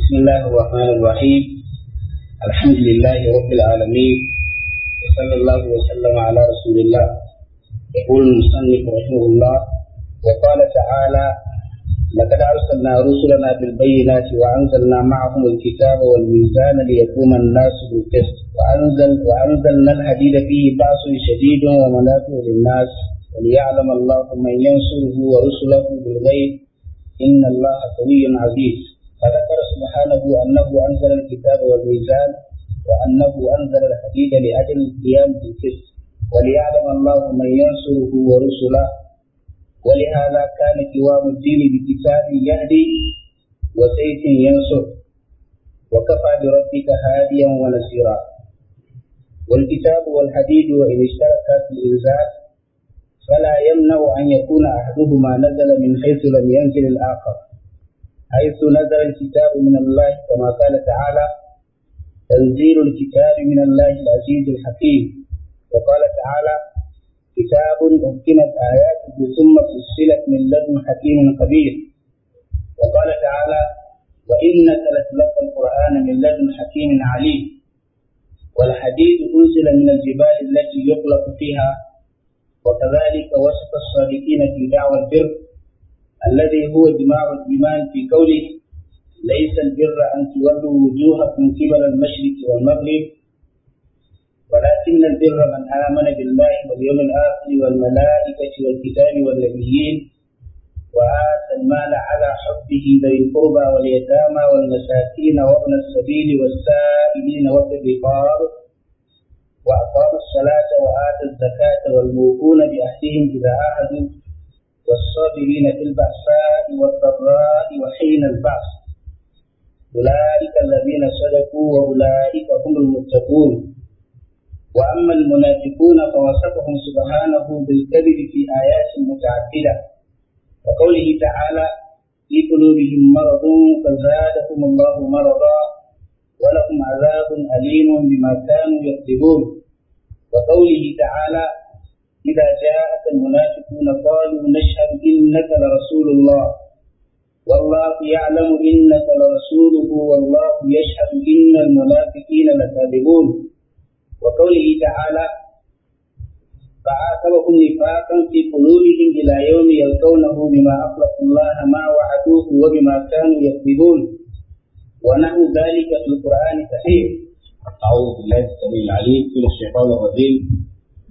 بسم الله الرحمن الرحيم الحمد لله رب العالمين وصلى الله وسلم على رسول الله يقول المصنف رحمه الله وقال تعالى لقد أرسلنا رسلنا بالبينات وأنزلنا معهم الكتاب والميزان ليقوم الناس بالقسط وأنزل وأنزلنا الحديد فيه بأس شديد ومنافع للناس وليعلم الله من ينصره ورسله بالغيب إن الله قوي عزيز فذكر سبحانه أنه أنزل الكتاب والميزان وأنه أنزل الحديد لأجل القيام بالقسط وليعلم الله من ينصره ورسله ولهذا كان قوام الدين بكتاب يهدي وسيف ينصر وكفى بربك هاديا ونصيرا والكتاب والحديد وإن اشتركا في الإنزال فلا يمنع أن يكون أحدهما نزل من حيث لم ينزل الآخر حيث نزل الكتاب من الله كما قال تعالى تنزيل الكتاب من الله العزيز الحكيم وقال تعالى كتاب أمكنت آياته ثم فصلت من لدن حكيم خبير وقال تعالى وإنك لتلقى القرآن من لدن حكيم عليم والحديد أنزل من الجبال التي يخلق فيها وكذلك وصف الصادقين في دعوى البر الذي هو جماع الإيمان في قوله ليس البر أن تولوا وجوهكم قبل المشرق والمغرب ولكن البر من آمن بالله واليوم الآخر والملائكة والكتاب والنبيين وآتى المال على حبه ذي القربى واليتامى والمساكين وابن السبيل والسائلين وفي الرقاب وأقام الصلاة وآتى الزكاة والموفون بأهلهم إذا عهدوا والصابرين في البأساء والضراء وحين البعث أولئك الذين صدقوا وأولئك هم المتقون وأما المنافقون فوصفهم سبحانه بالكذب في آيات متعددة وقوله تعالى في قلوبهم مرض فزادهم الله مرضا ولهم عذاب أليم بما كانوا يكذبون وقوله تعالى إذا جاءك المنافقون قالوا نشهد إنك لرسول الله والله يعلم إنك لرسوله والله يشهد إن المنافقين لكاذبون وقوله تعالى فعاتبهم نفاقا في قلوبهم إلى يوم يلقونه بما أخلفوا الله ما وعدوه وبما كانوا يكذبون ونحو ذلك في القرآن كثير أعوذ بالله السميع العليم من الشيطان الرجيم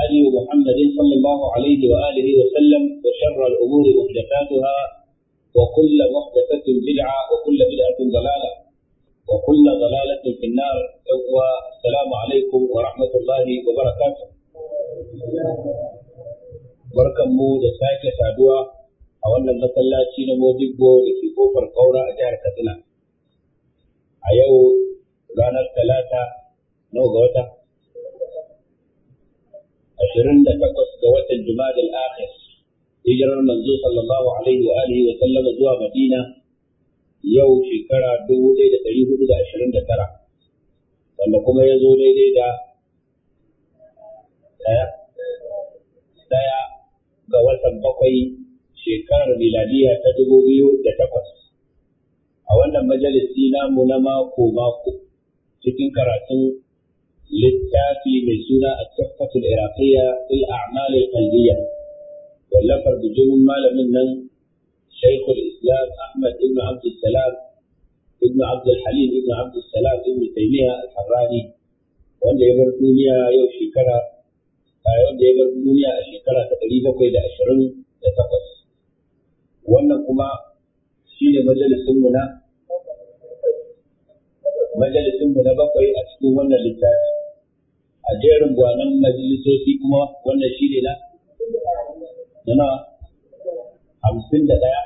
هدي محمد صلى الله عليه وآله وسلم وشر الأمور محدثاتها وكل محدثة بدعة وكل بدعة ضلالة وكل ضلالة في النار والسلام عليكم ورحمة الله وبركاته barkan mu da sake saduwa a wannan masallaci na Modibbo da ke kofar Kaura a jihar Katsina. A yau ranar Talata nawa ga wata ashirin da takwas ga watan Jumadal Akhir hijirar manzo sallallahu alaihi wa alihi wa sallama zuwa Madina yau shekara dubu ɗaya da ɗari hudu da ashirin da tara wanda kuma ya zo daidai da ɗaya ɗaya ga watan bakwai shekarar miladiya ta dubu biyu da takwas a wannan majalisi namu na mako mako cikin karatun littafi mai suna a tafatul iraqiyya fil a'mal al qalbiyya wallafar bijimin malamin nan شيخ الاسلام احمد بن عبد السلام ابن عبد الحليم ابن عبد السلام ابن تيميه الحراني wanda ya bar duniya yau shekara wanda ya bar duniya a shekara ta ɗari bakwai da ashirin da takwas wannan kuma shi ne majalisinmu na bakwai a cikin wannan littafi a jerin gwanon majalisoci kuma wannan shi ne na na hamsin da ɗaya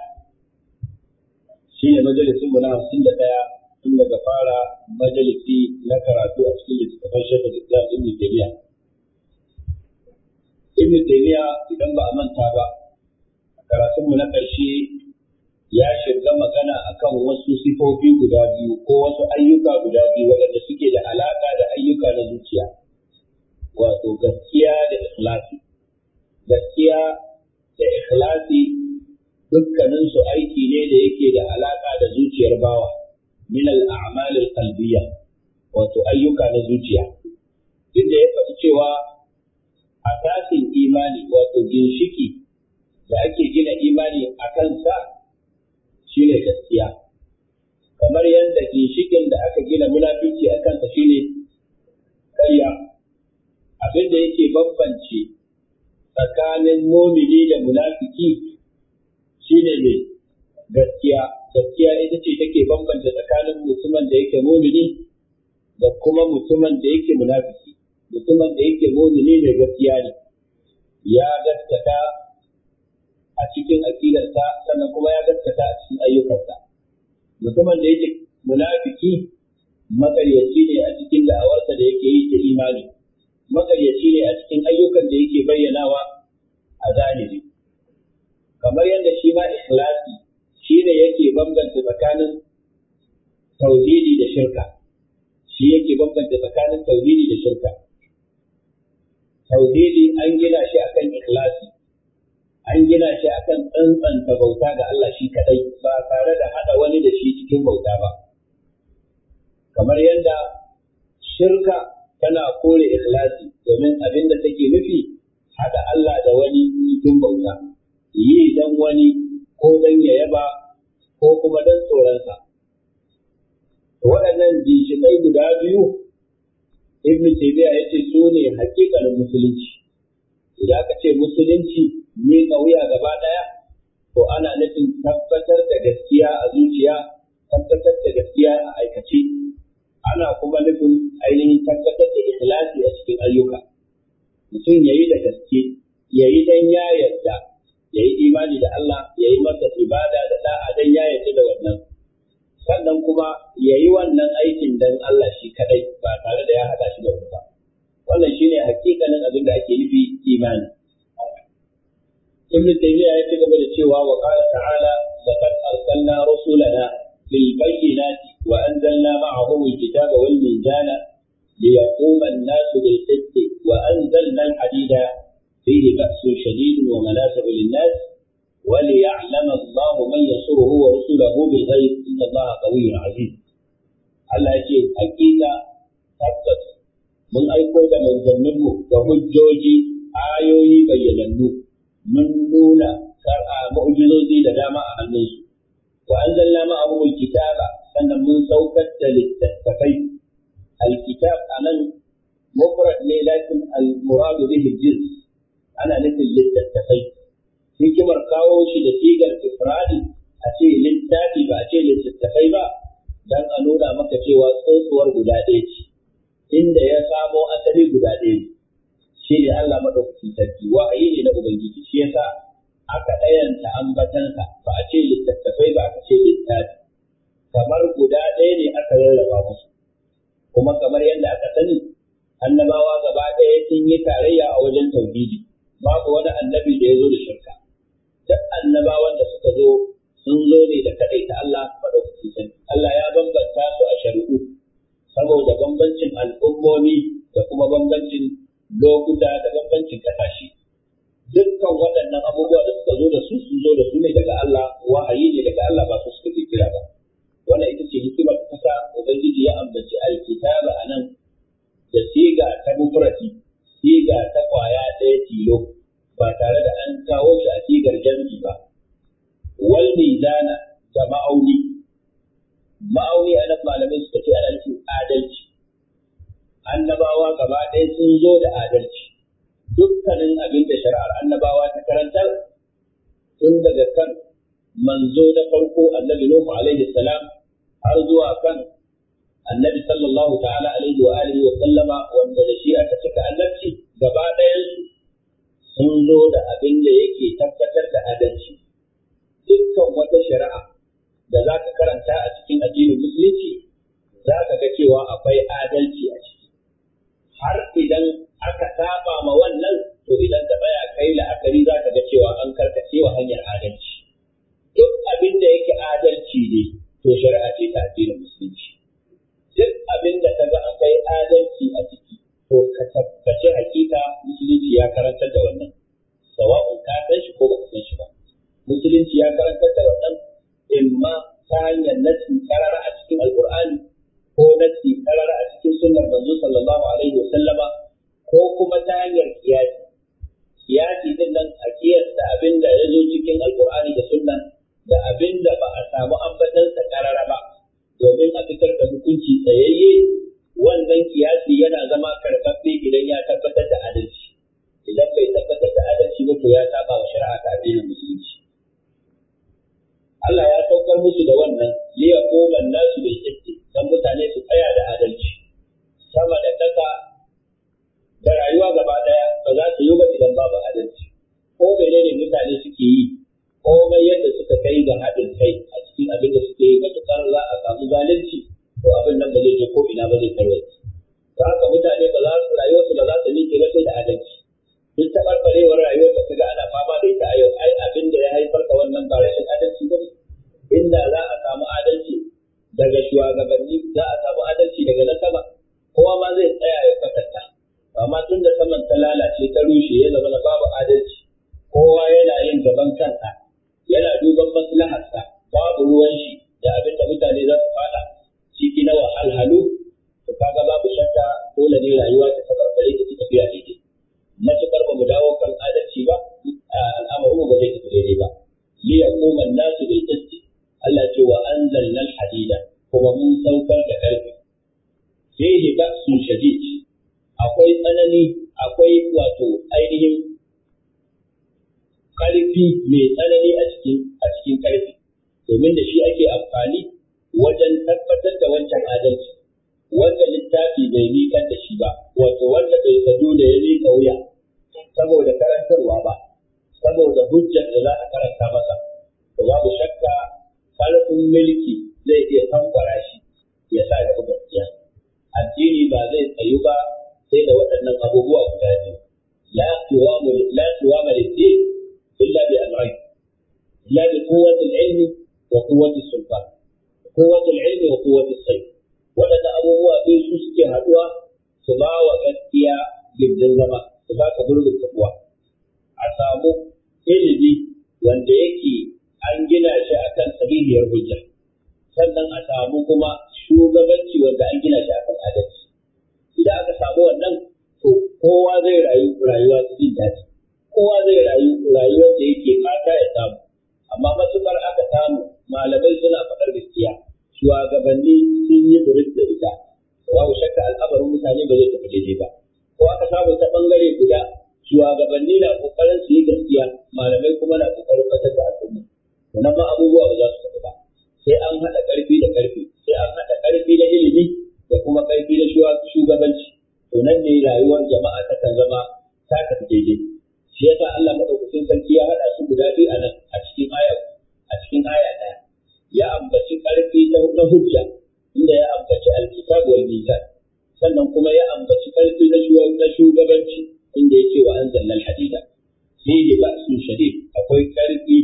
shi ne majalisun mu na hamsin da ɗaya tun daga fara majalisi na karatu a cikin littattafan shekar ta ibn taymiya ibn taymiya idan ba a manta ba karatunmu na ƙarshe ya shiga magana akan wasu sifofi guda biyu ko wasu ayyuka guda biyu waɗanda suke da alaƙa da ayyuka na zuciya. wato gaskiya da ikhlasi gaskiya da ikhlasi dukkanin su aiki ne da yake da alaka da zuciyar bawa min al-a'mal al-qalbiyya wato ayyuka na zuciya inda ya faɗi cewa asasin imani wato ginshiki da ake gina imani a kansa shine gaskiya kamar yadda ginshikin da aka gina munafiki a kansa shine karya abin da yake bambance tsakanin mumini da munafiki shine ne gaskiya gaskiya ita ce take bambance tsakanin mutumin da yake mumini da kuma mutumin da yake munafiki mutumin da yake mumini mai gaskiya ne ya gaskata a cikin aqidarsa sannan kuma ya gaskata a cikin ayyukansa mutumin da yake munafiki makaryaci ne a cikin da'awarsa da yake yi ta imani makaryaci ne a cikin ayyukan da yake bayyanawa a zahiri kamar yadda shi ma ikhlasi shi ne yake bambanta tsakanin tauhidi da shirka shi yake bambanta tsakanin tauhidi da shirka tauhidi an gina shi akan ikhlasi an gina shi akan tsantsanta bauta ga Allah shi kadai ba tare da hada wani da shi cikin bauta ba kamar yadda shirka tana kore ikhlasi domin abin da take nufi haɗa Allah da wani cikin bauta yi dan wani ko dan ya yaba ko kuma dan tsoronsa waɗannan ginshiƙai guda biyu ibn ya yace su ne haƙiƙanin musulunci idan aka ce musulunci ne wuya gaba ɗaya to ana nufin tabbatar da gaskiya a zuciya tabbatar da gaskiya a aikace ana kuma nufin ainihin tabbatar da ikhlasi a cikin ayyuka mutum yayi da gaske yayi dan ya yarda yayi imani da Allah yayi masa ibada da da'a dan ya yarda da wannan sannan kuma yayi wannan aikin dan Allah shi kadai ba tare da ya hada shi da wani ba wannan shine hakikanin abin da ake nufi imani ابن تيمية gaba da cewa ta'ala laqad arsalna rusulana lil bayyinati وأنزلنا معهم الكتاب والميزان ليقوم الناس بالقسط وأنزلنا الحديد فيه بأس شديد ومنافع للناس وليعلم الله من ينصره ورسله بالغيب إن الله قوي عزيز Allah ya ce hakika tabbas mun aiko da manzanninmu ga hujjoji ayoyi bayyanannu mun nuna kar'a mu'jizozi da dama a hannunsu wa sannan mun saukar da littattafai alkitab nan mufrad ne lakin al-muradu bihi jins ana nufin littattafai hikimar kawo shi da sigar ifradi a ce littafi ba a ce littattafai ba dan a nuna maka cewa tsotsuwar guda ɗaya ce inda ya samo asali guda ɗaya ne shi ne Allah madaukakin sarki wa'ayi ne na ubangiji shi yasa aka ɗayanta ambatansa ba a ce littattafai ba aka ce littafi kamar guda ɗaya ne aka rarraba musu kuma kamar yadda aka sani annabawa gaba ɗaya sun yi tarayya a wajen tauhidi babu wani annabi da ya zo da shirka duk annabawan da suka zo sun zo ne da kaɗai ta Allah madaukakin sani Allah ya bambanta su a shari'u saboda bambancin al'ummomi da kuma bambancin lokuta da bambancin kasashe dukkan waɗannan abubuwa da suka zo da su sun zo da su ne daga Allah wahayi ne daga Allah ba su suka kira ba wannan ita ce hikimar kasa ubangiji ya ambaci alkitaba a nan da siga ta mufrati siga ta kwaya ɗaya tilo ba tare da an kawo shi a sigar jam'i ba wal mizana da ma'auni ma'auni a nan malamai suka ce ana nufin adalci annabawa gaba ɗaya sun zo da adalci dukkanin abin da shari'ar annabawa ta karantar tun daga kan manzo na farko annabi Nuhu alaihi salam har zuwa kan annabi sallallahu ta'ala alaihi wa alihi wa sallama wanda da shi aka cika annabci gaba ɗayan sun zo da abin da yake tabbatar da adalci dukkan wata shari'a da za ka karanta a cikin addinin musulunci za ka ga cewa akwai adalci a ciki har idan aka saba ma wannan to idan ta baya kai la'akari za ka ga cewa an karkace wa hanyar adalci duk abin da yake adalci ne to shari'a ce ta addinin musulunci duk abin da ga akwai adalci a ciki to ka tabbaci hakika musulunci ya karantar da wannan karantarwa ba saboda hujjar da za a karanta masa to babu shakka farkon mulki zai iya tankwara shi ya sa ya gaskiya addini ba zai tsayu ba sai da waɗannan abubuwa guda biyu la tuwamu la tuwamu lid-din illa bi amrayn illa bi quwwati al-ilmi wa quwwati sultan quwwati al-ilmi wa quwwati sayf waɗannan abubuwa biyu su suke haɗuwa su ba wa gaskiya gindin zama su ba ka burbin kafuwa a samu ilimi wanda yake an gina shi akan sahihiyar hujja sannan a samu kuma shugabanci wanda an gina shi akan adalci idan aka samu wannan to kowa zai rayu rayuwa cikin daɗi kowa zai rayu rayuwar da yake fata ya samu amma matukar aka samu malamai suna faɗar gaskiya shugabanni sun yi burin da ita babu shakka al'amarin mutane ba zai tafi daidai ba ko aka samu ta bangare guda shugabanni na kokarin su yi gaskiya malamai kuma na kokarin fatar da al'umma Wannan ba abubuwa ba za su tafi ba sai an haɗa ƙarfi da ƙarfi sai an haɗa ƙarfi na ilimi da kuma ƙarfi na shugabanci to nan ne rayuwar jama'a ta kan zama ta tafi daidai shi yasa Allah madaukakin sarki ya haɗa su guda biyu a nan a cikin aya a cikin aya ɗaya ya ambaci ƙarfi na hujja inda ya ambaci alkitabu wal mizan sannan kuma ya ambaci ƙarfi na shugabanci inda ya yake wa anzalna al-hadida ba ba'sun shadid akwai karfi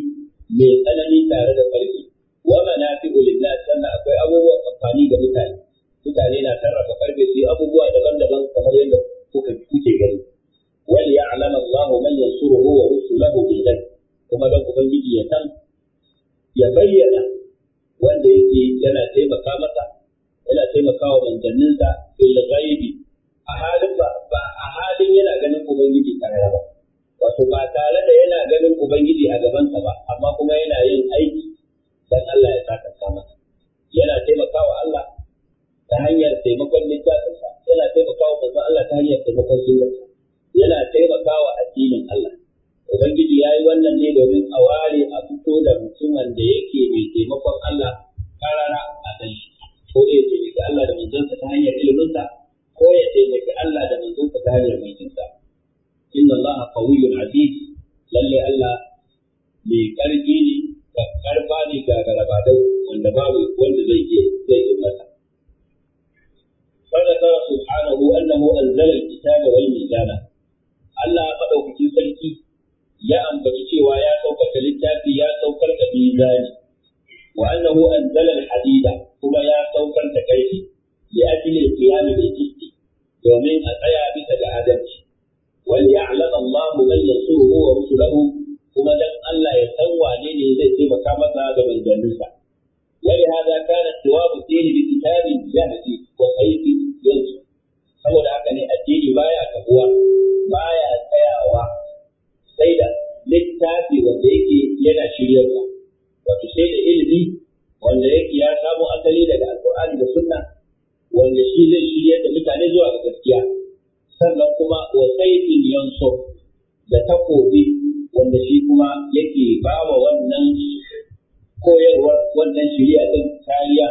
mai tsanani tare da karfi wa manafi'u lin-nas sannan akwai abubuwan amfani ga mutane mutane na sarrafa karfe su yi abubuwa daban-daban kamar yadda kuka kuke gani wal ya'lamu Allahu man yansuruhu wa rusuluhu bil ghaib kuma dan ubangiji ya san ya bayyana wanda yake yana taimaka masa yana taimakawa manzanninsa bil ghaibi a halin ba a halin yana ganin ubangiji karara ba wato ba tare da yana ganin ubangiji a gabansa ba amma kuma yana yin aiki dan Allah ya saka masa yana taimakawa Allah ta hanyar taimakon littafinsa yana taimakawa manzo Allah ta hanyar taimakon sunnarsa yana taimakawa addinin Allah ubangiji ya yi wannan ne domin a ware a fito da mutumin da yake mai taimakon Allah karara a kan ko da ya taimaki Allah da manzansa ta hanyar iliminsa ko ya taimaki Allah da manzonsa ta hanyar mulkinsa inna Allah qawiyyun aziz lalle Allah mai karfi ne da karfa ne ga garabadau wanda babu wanda zai iya zai yi masa فذكر سبحانه أنه أنزل الكتاب والميزان Allah maɗaukakin sarki ya ambaci cewa ya saukar da littafi ya saukar da mizani wa annahu anzala al-hadida kuma ya saukar da karfi li ajli qiyam al domin a tsaya bisa ga adalci wal ya'lam Allah bayyana yansuruhu wa rusulahu kuma dan Allah ya san wane ne zai taimaka masa ga manzanninsa ولهذا كان الثواب فيه بكتاب يهدي وسيف ينصر saboda haka ne addini baya kafuwa baya tsayawa sai da littafi wanda yake yana shiryarwa wato sai da ilimi wanda yake ya samo asali daga alkur'ani da sunna wanda shi zai shirya da mutane zuwa ga gaskiya sannan kuma wa saifin yanso da takobi wanda shi kuma yake ba wa wannan koyarwar wannan shirya din kariya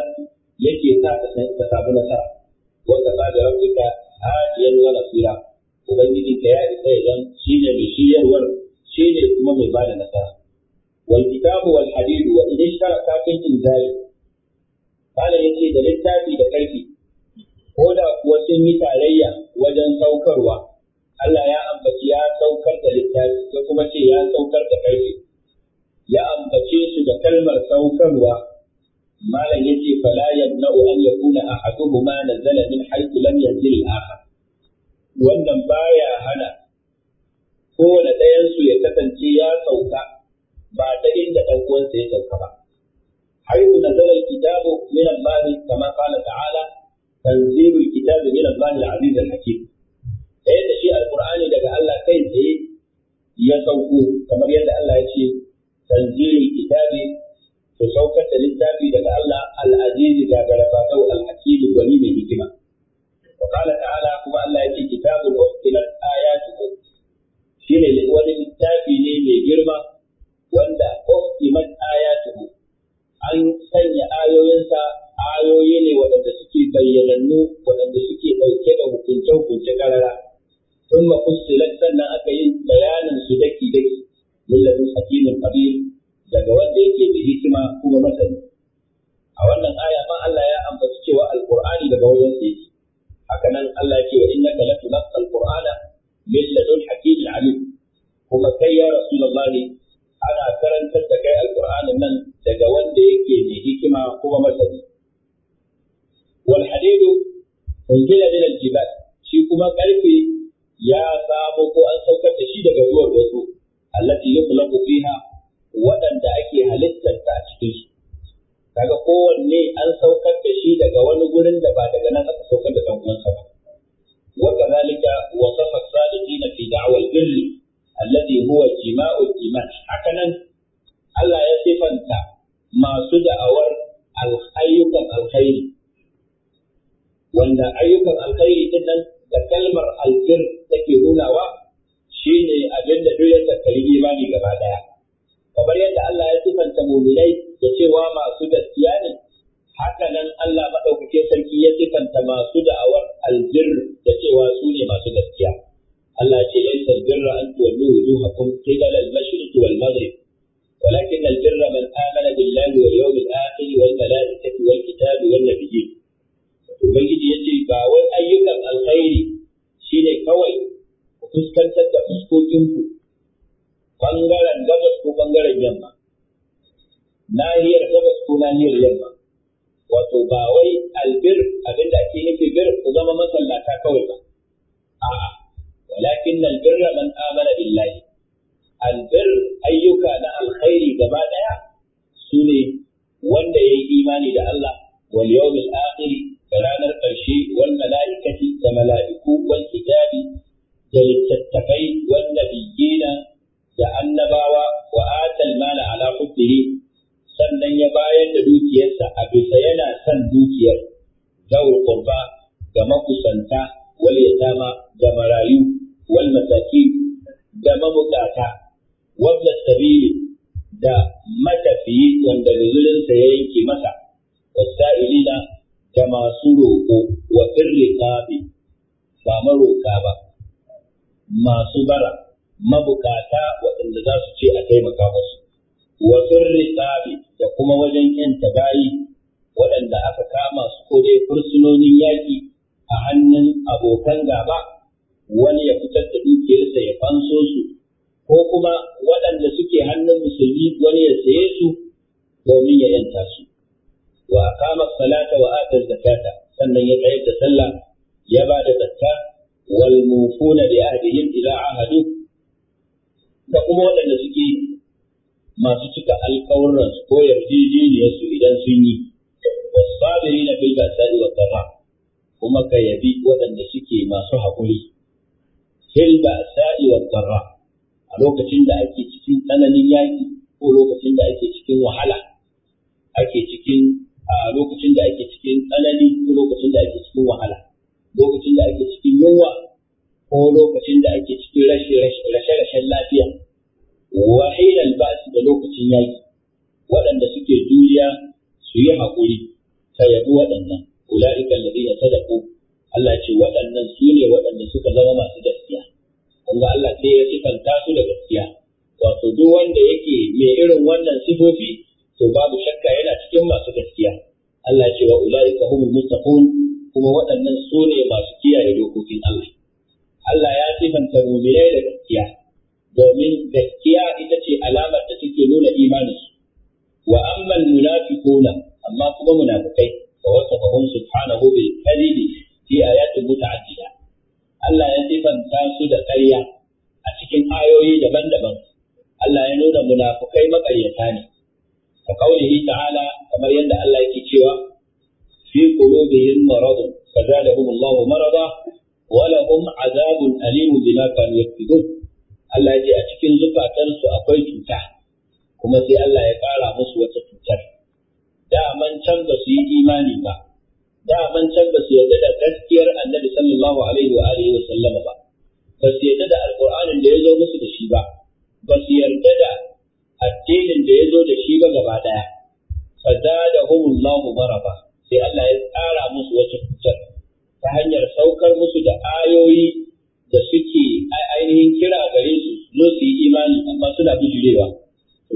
yake sa ka samu nasara wanda ba da rabbika hadiyan wa nasira ubangiji ka ya isa idan shi ne mai shiryarwar shi ne kuma mai ba da nasara wal kitabu wal hadidu wa idan kai fi inzali bala ce da littafi da karfi ko da kuwa sun yi tarayya wajen saukarwa Allah ya ambaci ya saukar da littafi ko kuma ce ya saukar da ƙarfi ya ambace su da kalmar saukarwa malam yace fala yamna'u an yakuna ahaduhuma nazala min haythu lam yanzil al-akhar wannan baya hana kowane ɗayan su ya kasance ya sauka ba ta inda ɗan uwansa ya sauka ba haythu nazala al-kitabu min al-bab kama qala ta'ala tanzilul kitabi min Allah al-aziz al da yadda shi alqur'ani daga Allah kai tsaye ya sauko kamar yadda Allah ya ce tanzilul kitabi to saukar da littafi daga Allah al-aziz da garabata al-hakim gwani mai hikima wa qala ta'ala kuma Allah ya ce kitabul wani littafi ne mai girma wanda uqimat ayatuhu an sanya ayoyinsa ayoyi ne waɗanda suke bayyanannu waɗanda suke ɗauke da hukunce-hukunce karara sun mafussilat sannan aka yi bayanin su daki-daki lillazin hakimin kabir daga wanda yake da hikima kuma masani a wannan aya ma Allah ya ambaci cewa alqur'ani daga wajen sa yake haka nan Allah ya ce wa innaka latunqa alqur'ana min ladun hakimin alim kuma kai ya rasulullahi ana karantar da kai alqur'anin nan daga wanda yake da hikima kuma masani wal hadidu unzila min al shi kuma karfe ya samu ko an saukar da shi daga ruwan wasu allati yuqlaqu fiha waɗanda ake halittar a cikin su kaga kowanne an saukar da shi daga wani gurin da ba daga nan aka saukar da dan uwansa ba fi وصف الصادقين في دعوى البر الذي هو جماع الإيمان هكذا الله يصفنت ما سدى أور الخير الخير wanda ayyukan alkhairi din nan da kalmar albir take nunawa shine abin da duk ya tattali imani gaba ɗaya. kamar yadda Allah ya sifanta mu'minai da cewa masu gaskiya ne haka nan Allah madaukake sarki ya sifanta masu da'awar albir da cewa su ne masu gaskiya Allah ce laysa albirra an tuwallu wujuhakum qibala al-mashriq wal maghrib ولكن البر من آمن بالله واليوم الآخر والملائكة والكتاب والنبيين ubangiji ya ce ba wai ayyukan alkhairi shi ne kawai ku fuskantar da fuskokinku ɓangaren gabas ko ɓangaren yamma nahiyar gabas ko nahiyar yamma wato ba wai albir abinda ake nufi bir ku zama masallata kawai ba a'a walakin albirra man amana billahi albir ayyuka na alkhairi gaba daya sune wanda ya yi imani da Allah wal yawmil akhir da ranar ƙarshe wal mala'ikati da mala'iku wal kitabi da littattafai wal nabiyina da annabawa wa atal mala ala hubbihi sannan ya bayar da dukiyarsa a bisa yana son dukiyar zawul qurba ga makusanta wal yatama da marayu wal masakin da mabukata wabla sabili da matafiyi wanda guzurinsa ya yanke masa wasa'ilina da masu roƙo wa ƙafi ba maroƙa ba, masu bara, mabukata waɗanda za su ce a taimaka musu. Wa ƙafi da kuma wajen ‘yanta bayi waɗanda aka kama su ko dai fursunonin yaƙi a hannun abokan gaba, wani ya fitar da dukiyarsa ya fanso su, ko kuma waɗanda suke hannun musulmi wani ya saye su domin ya ƴanta su. wa aqama salata wa ata zakata sannan ya tsayar da sallah ya ba da zakka wal mufuna bi ahdihim ila ahadu da kuma waɗanda suke masu cika alƙawurran ko yarjejeniyar su idan sun yi wasabirina bil ba'sa'i wa dharra kuma ka yabi waɗanda suke masu haƙuri fil Sa'i wa a lokacin da ake cikin tsananin yaƙi ko lokacin da ake cikin wahala ake cikin a lokacin da ake cikin tsanani ko lokacin da ake cikin wahala lokacin da ake cikin yunwa ko lokacin da ake cikin rashe-rashen lafiya wa hilal basu da lokacin yaki waɗanda suke juriya su yi haƙuri ta yabi waɗannan ula'ika alladhina sadaqu Allah ce waɗannan su ne waɗanda suka zama masu gaskiya kuma Allah sai ya sifanta su da gaskiya wato duk wanda yake mai irin wannan sifofi to babu shakka yana cikin masu gaskiya Allah ya ce wa ulaika humul muttaqun kuma waɗannan su ne masu kiyaye dokokin Allah Allah ya sifanta mu'minai da gaskiya domin gaskiya ita ce alamar da take nuna imanin su wa amma munafiquna amma kuma munafikai fa wasafahum subhanahu bil kadhibi fi ayatin muta'addida Allah ya sifanta su da ƙarya a cikin ayoyi daban-daban Allah ya nuna munafukai maƙaryata ne ka kaulihi ala kamar yadda Allah yake cewa fi qulubihim maradun fazadahum Allah marada wa lahum azabun alim bima kanu yaktubun Allah ya a cikin zukatansu akwai cuta kuma sai Allah ya ƙara musu wata cutar da man can ba su yi imani ba da man can ba su yarda da gaskiyar Annabi sallallahu alaihi wa alihi wa sallama ba ba su yarda da alqur'anin da ya zo musu da shi ba ba su yarda da addinin da ya zo da shi ba gaba ɗaya fazadahumullahu maraba sai Allah ya tsara musu wata cutar ta hanyar saukar musu da ayoyi da suke ainihin kira gare su zo su yi imani amma suna bijirewa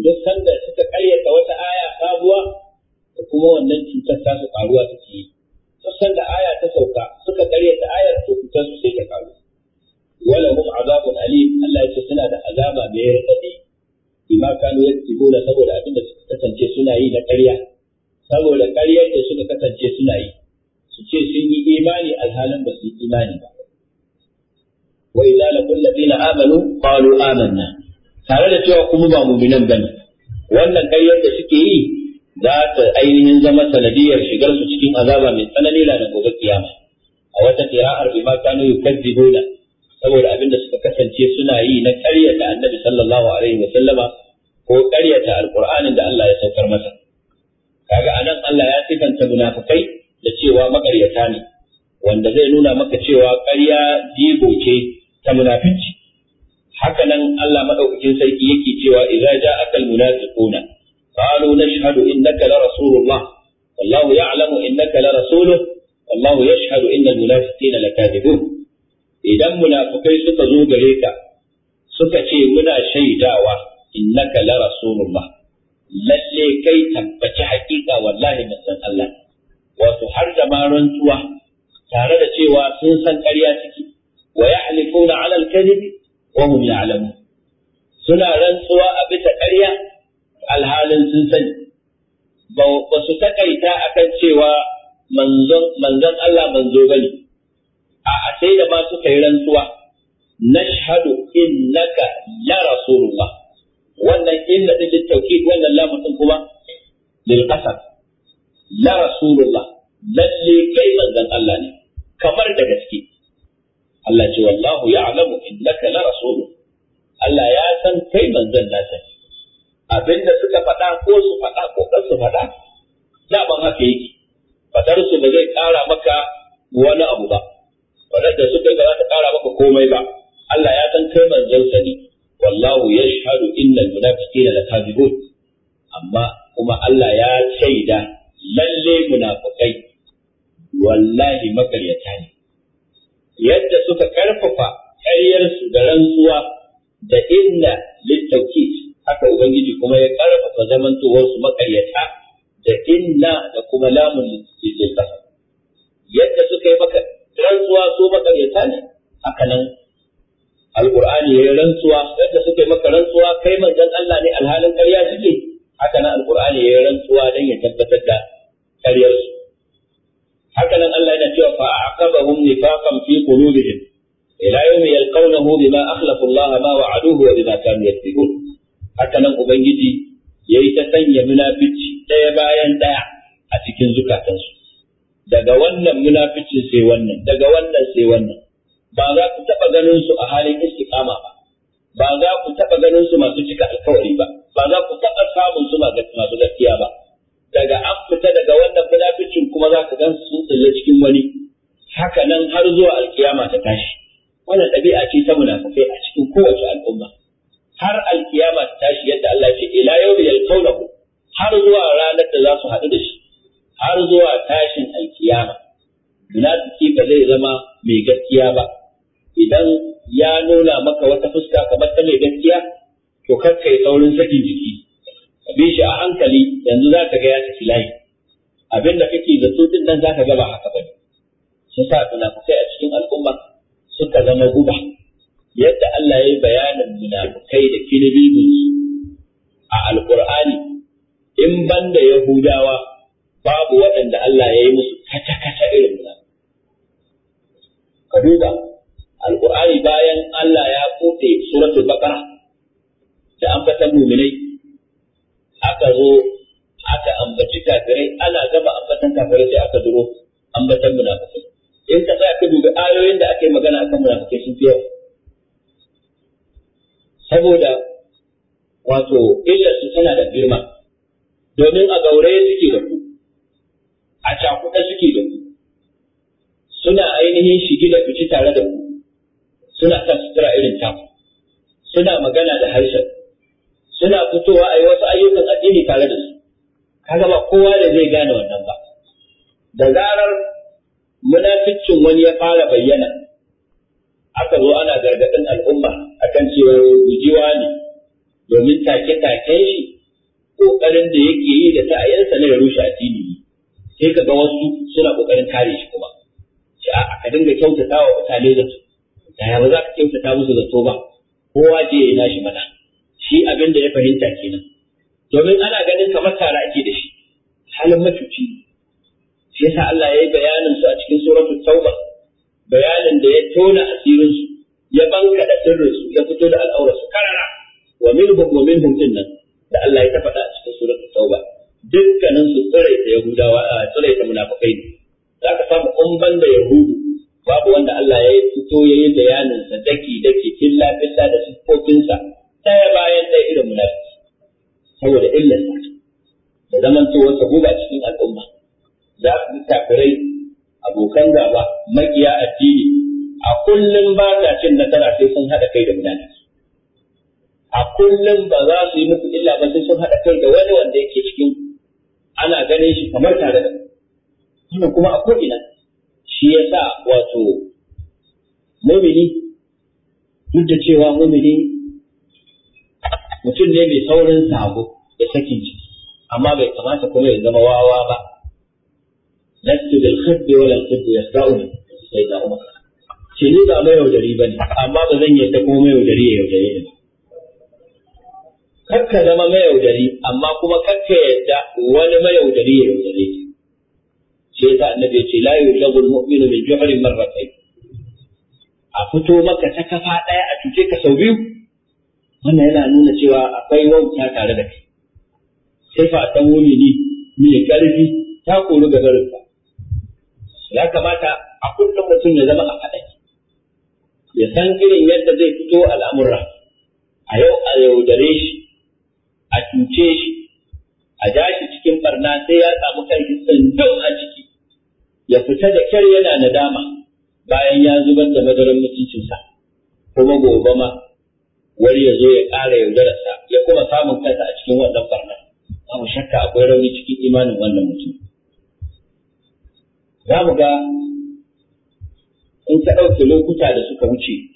duk sanda suka karyata wata aya sabuwa da kuma wannan cutar ta su karuwa ta yi duk sanda aya ta sauka suka karyata ayar to cutar su sai ta karu wala hum azabun alim Allah ya ce suna da azaba mai raɗaɗi. bima kanu yaktubuna saboda abin da suka kasance suna yi na ƙarya saboda ƙaryar da suka kasance suna yi su ce sun yi imani alhalin ba su yi imani ba wa idza laqul ladina amanu qalu amanna tare da cewa kuma ba mu'minan bane wannan ƙaryar da suke yi za ta ainihin zama sanadiyar shigar su cikin azaba mai tsanani ranar gobe kiyama a wata qira'ar bima kanu yukazzibuna saboda abin da suka kasance suna yi na ƙaryata annabi sallallahu alaihi wa sallama ko ƙaryata alƙur'anin da Allah ya saukar masa kaga anan Allah ya sifanta munafikai da cewa maƙaryata ne wanda zai nuna maka cewa ƙarya digo ce ta munafici haka nan Allah madaukakin sarki yake cewa idza ja'akal munafiquna qalu nashhadu innaka la rasulullah wallahu ya'lamu innaka la rasuluhu والله يشهد إن المنافقين لكاذبون idan munafukai suka zo gare ka suka ce muna shaidawa innaka la rasulullah lalle kai tabbaci hakika wallahi manzon Allah wato har da ma rantsuwa tare da cewa sun san ƙarya suke wa yahlifuna ala al-kadhib wa hum ya'lamun suna rantsuwa a bisa ƙarya alhalin sun sani ba su takaita akan cewa manzon Allah manzo bane a'a sai da ma suka yi rantsuwa nashhadu innaka la rasulullah wannan inna din littauhid wannan lamun din kuma lil qasam la rasulullah lalle kai manzon Allah ne kamar da gaske Allah ce wallahu ya'lamu innaka la rasulu Allah ya san kai manzon nasa ne abinda suka faɗa ko su faɗa ko kar su faɗa da ban haka yake fadar su ba zai ƙara maka wani abu ba wannan da suka yi ba za ta kara maka komai ba Allah ya san kai manzon sa ne wallahu yashhadu innal munafiqina lakazibun amma kuma Allah ya shaida lalle munafikai wallahi makaryata ne yadda suka karfafa ƙaryarsu da rantsuwa da inna littaukit haka ubangiji kuma ya karfafa zamantowarsu makaryata da inna da kuma lamun littaukit yadda suka yi maka rantsuwa su makaryata ne haka nan alqur'ani yi rantsuwa yadda suke maka rantsuwa kai manzon Allah ne alhalin ƙarya suke haka nan alqur'ani yi rantsuwa dan ya tabbatar da ƙaryar su haka nan Allah yana cewa fa'aqabahum nifaqan fi qulubihim ila yawmi yalqawnahu bima akhlafa Allah ma wa'aduhu wa bima kanu yakذibun haka nan ubangiji yayi ta sanya munafici ɗaya bayan ɗaya a cikin zukatansu daga wannan munaficin sai wannan daga wannan sai wannan ba za ku taɓa ganin su a halin istiqama ba ba za ku taɓa ganin su masu cika alkawari ba ba za ku taɓa samun su masu gaskiya ba daga an fita daga wannan munaficin kuma za ka gan su tsalle cikin wani haka nan har zuwa alkiyama ta tashi wannan ɗabi'a ce ta munafikai a cikin kowace al'umma har alkiyama ta tashi yadda Allah ya ce ila yawmi yalqawnahu har zuwa ranar da za su haɗu da shi har zuwa tashin alkiyama munafiki ba zai zama mai gaskiya ba idan ya nuna maka wata fuska kamar ta mai gaskiya to kar kai saurin sakin jiki abin shi a hankali yanzu za ka ga ya tafi layi abin da kake zato din nan za ka ga ba haka ba shi sa munafikai a cikin al'umma suka zama guba yadda Allah ya yi bayanin munafikai da kilibibin a alkur'ani in banda yahudawa babu waɗanda Allah ya yi musu kata-kata irin munafiki ka duba Al’ur'ani bayan Allah ya kote suratul baqara da an fata mu'minai aka zo aka ambaci kafirai ana gaba ambatan kafirai sai aka duro ambatan munafikai in ka tsaya ka dubi ayoyin da aka yi magana akan munafikai sun fi yawa saboda wato illar su tana da girma domin a gaure suke da a cakuɗa suke da ku suna ainihin shigi da fice tare da ku suna kan sutura irin ta suna magana da harshen suna fitowa a yi wasu ayyukan addini tare da su kaga ba kowa da zai gane wannan ba da zarar munaficcin wani ya fara bayyana aka zo ana gargaɗin al'umma akan cewa gujiwa ne domin take-take shi ƙoƙarin da yake yi da ta'ayyansa na da rushe addini sai ka ga wasu suna kokarin kare shi kuma shi a ka dinga kyautata wa mutane zato yaya ba za ka kyautata musu zato ba kowa je ya nashi mana shi abin da ya fahimta kenan domin ana ganin kamar tara ake da shi halin macuci shi yasa Allah ya yi bayanin su a cikin suratul tauba bayanin da ya tona asirin su ya banka da sirrin su ya fito da al'aurar su karara wa minhum wa minhum dinnan da Allah ya ta a cikin suratul tauba dukkanin su tsiraita yahudawa a tsiraita munafikai ne za ka samu umban da yahudu babu wanda Allah ya fito ya yi bayanin sa daki daki killa killa da siffofinsa ɗaya bayan ɗaya irin munafiki saboda sa da zamantowar sa guba cikin al'umma za ku kafirai abokan gaba maƙiya addini a kullum ba ta cin nasara sai sun haɗa kai da munafiki a kullum ba za su yi muku illa ba sai sun haɗa kai da wani wanda yake cikin ana ganin shi kamar tare da wannan kuma a ko'ina shi ya sa wato mumini duk da cewa mumini mutum ne mai saurin sabo da sakin ciki amma bai kamata kuma ya zama wawa ba Lattu bil khibbi wal khibbi yasda'uni sai da umma ce ni ba mai yaudari bane amma ba zan yadda kuma mai yaudari ya yaudare ni ba kakka zama mayaudari amma kuma kakka yadda wani mayaudari ya yaudare ka sai ta annabi ce la yushagu almu'minu min juhrin marratayn a fito maka ta kafa daya a cuce ka sau biyu wannan yana nuna cewa akwai wauta tare da kai sai fa ta mumini mai karfi ta koru ga garinka ya kamata a kullum mutum ya zama a faɗa ya san irin yadda zai fito al'amurra, a yau a yaudare shi a cuce shi a ja shi cikin barna sai ya samu kanshi tsindin a ciki ya fita da kyar yana nadama bayan ya zubar da madarar mutuncinsa kuma gobe ma wani ya zo ya ƙara yaudararsa ya kuma samun kansa a cikin wannan barna babu shakka akwai rauni cikin imanin wannan mutum za mu ga in ta ɗauke lokuta da suka wuce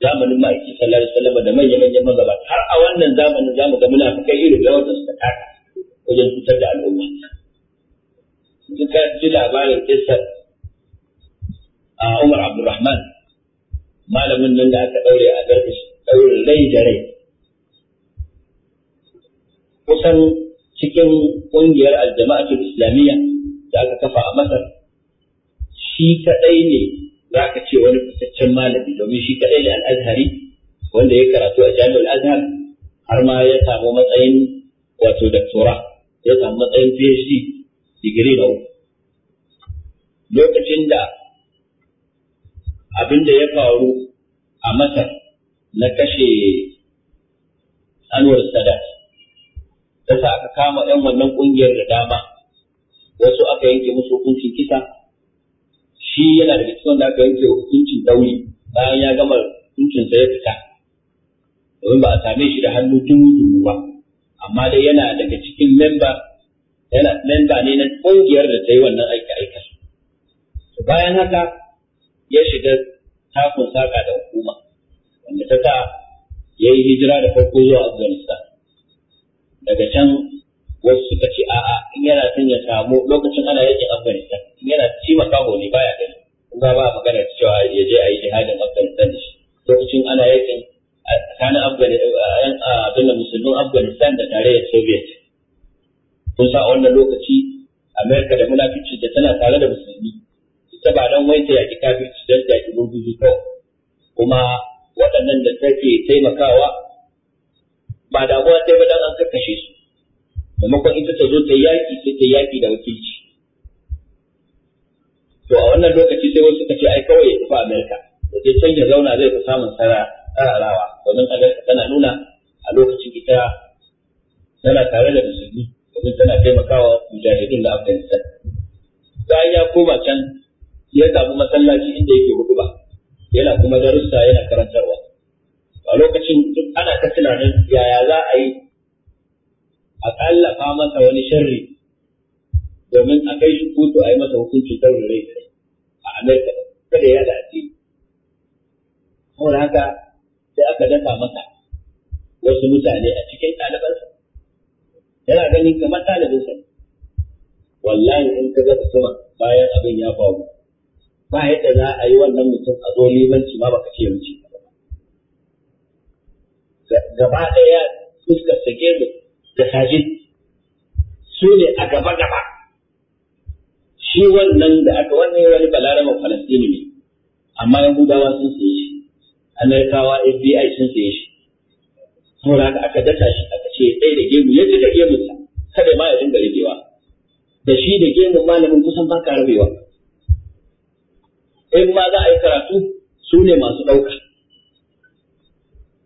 zamanin ma'aiki sallallahu alaihi wasallam da manya-manyan magabata har a wannan zamanin zamu ga munafikai irin rawar da suka taka wajen cutar da al'umma duka ji labarin kissar a Umar Abdulrahman malamin nan da aka daure a shi, daure rai da rai kusan cikin ƙungiyar aljama'atul islamiyya da aka kafa a Masar shi kadai ne za ka ce wani fitaccen malami domin shi kaɗai da al'azhari wanda ya karatu a jami'ar al'azhar har ma ya samu matsayin wato doctora ya samu matsayin phd digiri na uku lokacin da abin da ya faru a masar na kashe anwar sadat ta sa aka kama 'yan wannan ƙungiyar da dama wasu aka yanke musu hukuncin kisa shi yana daga cikin da aka yanke hukuncin dauri bayan ya gama hukuncin sa ya fita domin ba a same shi da hannu tun dubu ba amma dai yana daga cikin memba yana memba ne na kungiyar da ta yi wannan aika aika bayan haka ya shiga takun saka da hukuma wanda ta sa ya yi hijira da farko zuwa afghanistan daga can wasu suka ce a'a in yana son ya samu lokacin ana yakin afghanistan yana shi makaho ne baya gani kuma ba magana cewa ya je a yi jihadin Afghanistan da shi lokacin ana yakin a tsakanin Afghanistan abin da musulmin Afghanistan da tarayyar Soviet kun sa a wannan lokaci Amerika da munafici da tana tare da musulmi ita ba don wai ta yaki kafirci don ta yaki gurguzu kawai kuma waɗannan da take taimakawa ba damuwa sai ba don an karkashe su maimakon ita ta zo ta yaƙi sai ta yaƙi da wakilci to a wannan lokaci sai wasu suka ce ai kawai ya tafi Amerika da ke canja zauna zai fi samun tsararawa domin Amerika tana nuna a lokacin ita tana tare da musulmi domin tana taimakawa mujahidin da Afghanistan bayan ya koma can ya samu masallaci inda yake ba, yana kuma darussa yana karantarwa a lokacin duk ana ta tunanin yaya za a yi a kallafa masa wani sharri domin a kai shi kotu a yi masa hukuncin daurin rai amerika kada ya da addini kuma haka sai aka daka maka wasu mutane a cikin ɗalibansa yana ganin kamar ɗalibinsa ne wallahi in ka ga kuma bayan abin ya faru ba yadda za a yi wannan mutum a zo limanci ma baka ce mace gaba ɗaya fuskar sake da sajin su ne a gaba gaba shi wannan da aka wannan wani balaraban falastini ne amma 'yan gudawa sun saye shi amerikawa fbi sun saye shi saboda haka aka dasa shi aka ce ɗaya da gemu ya cika gemunsa kada ma ya dinga rabewa da shi da gemun malamin kusan ba ka rabewa in ma za a yi karatu su ne masu ɗauka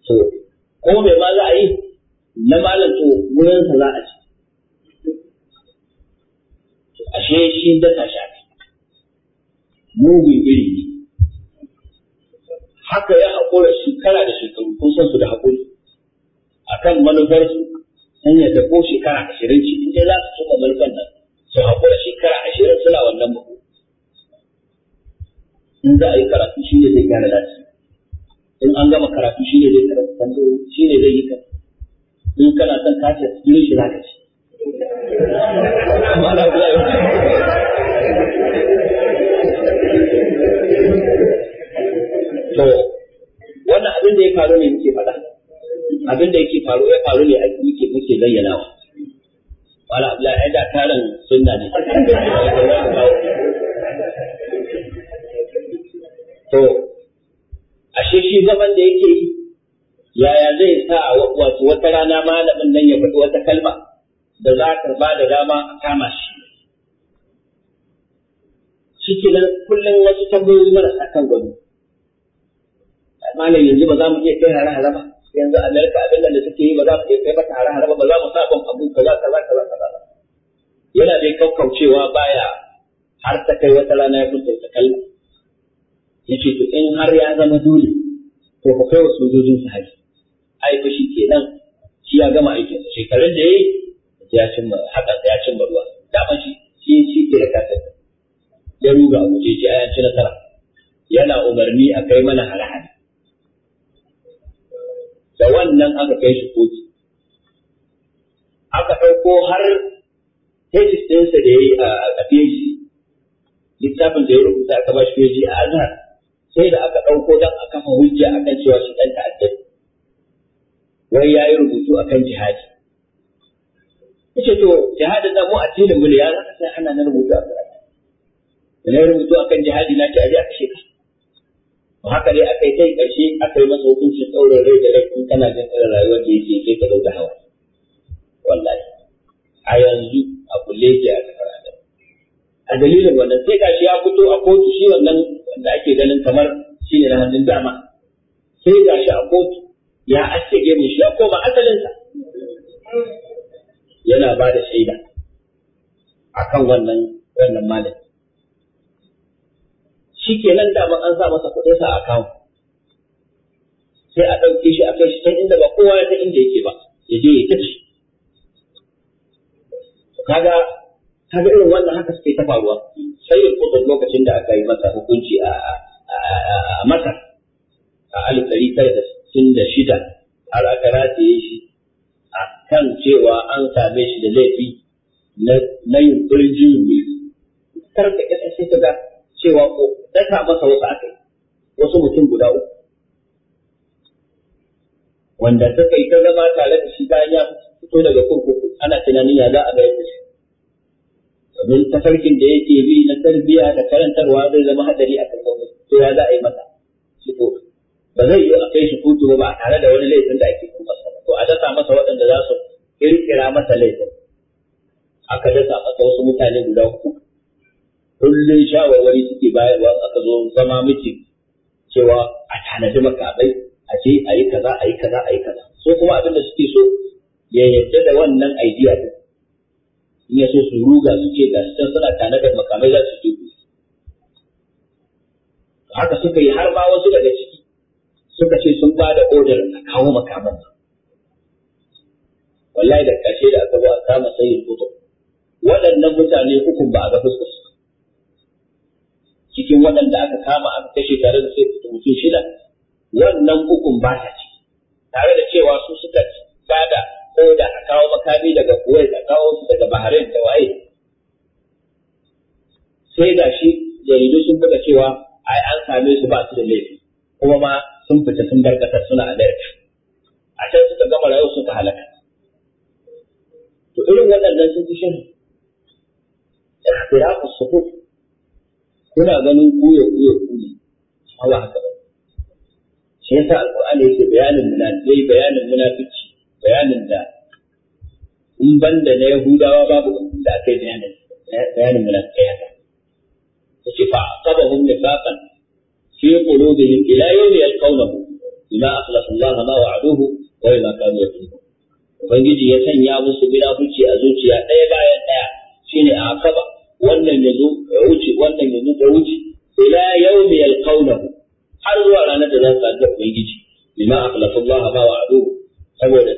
to ko me ma za a yi na malam to wurinsa za a ci ashe shi da ta aka mugun iri ne haka ya haƙura shekara da shekaru kun san su da haƙuri akan manufarsu sun yadda ko shekara ashirin ce in za su cimma manufan nan su haƙura shekara ashirin suna wannan mako in za a yi karatu shi ne zai gyara lati in an gama karatu shi ne zai karatu shi ne zai yi karatu in kana son kashe yin shi za ka ci To, wannan abin da ya faru ne muke faɗa, abin da yake faru ya faru ne a muke muke wa. Wala Abdullahi ai da tarin sunna ne. To, ashe shi zaman da yake yi, yaya zai sa wato wata rana malamin nan ya faɗi wata kalma. da za ka ba da dama a kama shi Ciki nan kullum wasu tambayoyi marasa kan gwani. malam yanzu ba za mu iya kai hare-hare ba yanzu amerika abin da suke yi ba za mu iya kai mata hare-hare ba ba za mu sa ban abu kaza kaza kaza kaza yana dai kaukaucewa baya har ta kai wata rana ya kusa ta kalla. ya ce to in har ya zama dole to ka kai wa sojojin su haji. ai fa shi kenan shi ya gama aikinsa shekarun da ya yi ya cimma hakan ya cimma ruwa daman shi shi shi ke da kasar ya ruga a guje ce ayan ci nasara yana umarni a kai mana hare-hare da wannan aka kai shi kotu aka ɗauko har hesis ɗinsa da ya yi a PhD littafin da ya rubuta aka ba shi PhD a Azhar sai da aka ɗauko don a kafa hujja akan cewa shi ɗan ta'addar wai ya yi rubutu akan jihadi yace to jihadin da mu addinin mu ne ya zaka sai ana nan rubutu a kai na rubutu akan jihadi na ta aje a kashe ka to haka dai aka yi kai karshe akai masa hukuncin ɗaurin rai da rai kana jin irin rayuwar da yake sai ka dauka hawa wallahi a yanzu a kulle ke a kafar adam a dalilin wannan sai gashi ya fito a kotu shi wannan wanda ake ganin kamar shi ne na hannun dama sai gashi a kotu ya aske gemun shi ya koma asalinsa yana ba da shaida kan wannan wannan malami shi ke nan dama an sa masa kuɗinsa a kawo sai a ɗauke shi a kai shi can inda ba kowa ya san inda yake ba ya je ya tafi kaga kaga irin wannan haka suke ta faruwa sai ya kudu lokacin da aka yi masa hukunci a Masar a alif ɗari tara da da shida har aka rataye shi kan cewa an same shi da laifi na yin yunkurin mai Kar ka kasa sai ka ga cewa ko daka masa wasu yi, wasu mutum guda uku wanda suka yi ta zama tare da shi bayan ya fito daga kurkuku ana tunanin ya za a bayar da shi domin tafarkin da yake bi na tarbiyya da karantarwa zai zama hadari a kan to ya za a yi masa shi ko ba zai yi a kai shi kotu ba tare da wani laifin da ake kuma to a dasa masa waɗanda za su ƙirƙira masa laifin aka dasa masa wasu mutane guda uku kullum shawarwari suke bayarwa aka zo zama miki cewa a tanadi makabai a ce a yi kaza a yi kaza a yi kaza so kuma abin da suke so ya yadda da wannan idea din in ya so su ruga su ce ga can suna tanadar makamai za su je haka suka yi har ma wasu daga ciki suka ce sun ba da odar a kawo makaman wallahi da kashe da aka zo a kama sayyid kutub waɗannan mutane uku ba a ga fuskar su cikin waɗanda aka kama aka kashe tare da sai kutub mutum shida wannan ukun ba ta ci tare da cewa su suka bada ko da a kawo makami daga Kuwait a kawo su daga Bahrain da waye sai ga shi jaridu sun buga cewa ai an same su ba su da laifi kuma ma sun fita sun bar kasar suna Amerika a can suka gama rayuwa suka halaka to irin waɗannan sun fi shin su ku kuna ganin kuye kuye kuye hawa haka ba shi yasa ya yake bayanin munafiqai bayanin munafici bayanin da in banda na yahudawa babu da akai bayanin bayanin munafiqai haka yace fa aqabahum nifaqan fi qulubihim ila yawmi yalqawnahu bima akhlasa Allah ma wa'aduhu wa bima kanu yakfurun ubangiji ya sanya musu munafurci a zuciya ɗaya bayan ɗaya Shi ne a akaba wannan ya zo ya wuce wannan ya zo ya wuce ila yawmi yalqawnahu har zuwa ranar da za su haɗu ubangiji bima akhlafa Allah ba wa adu saboda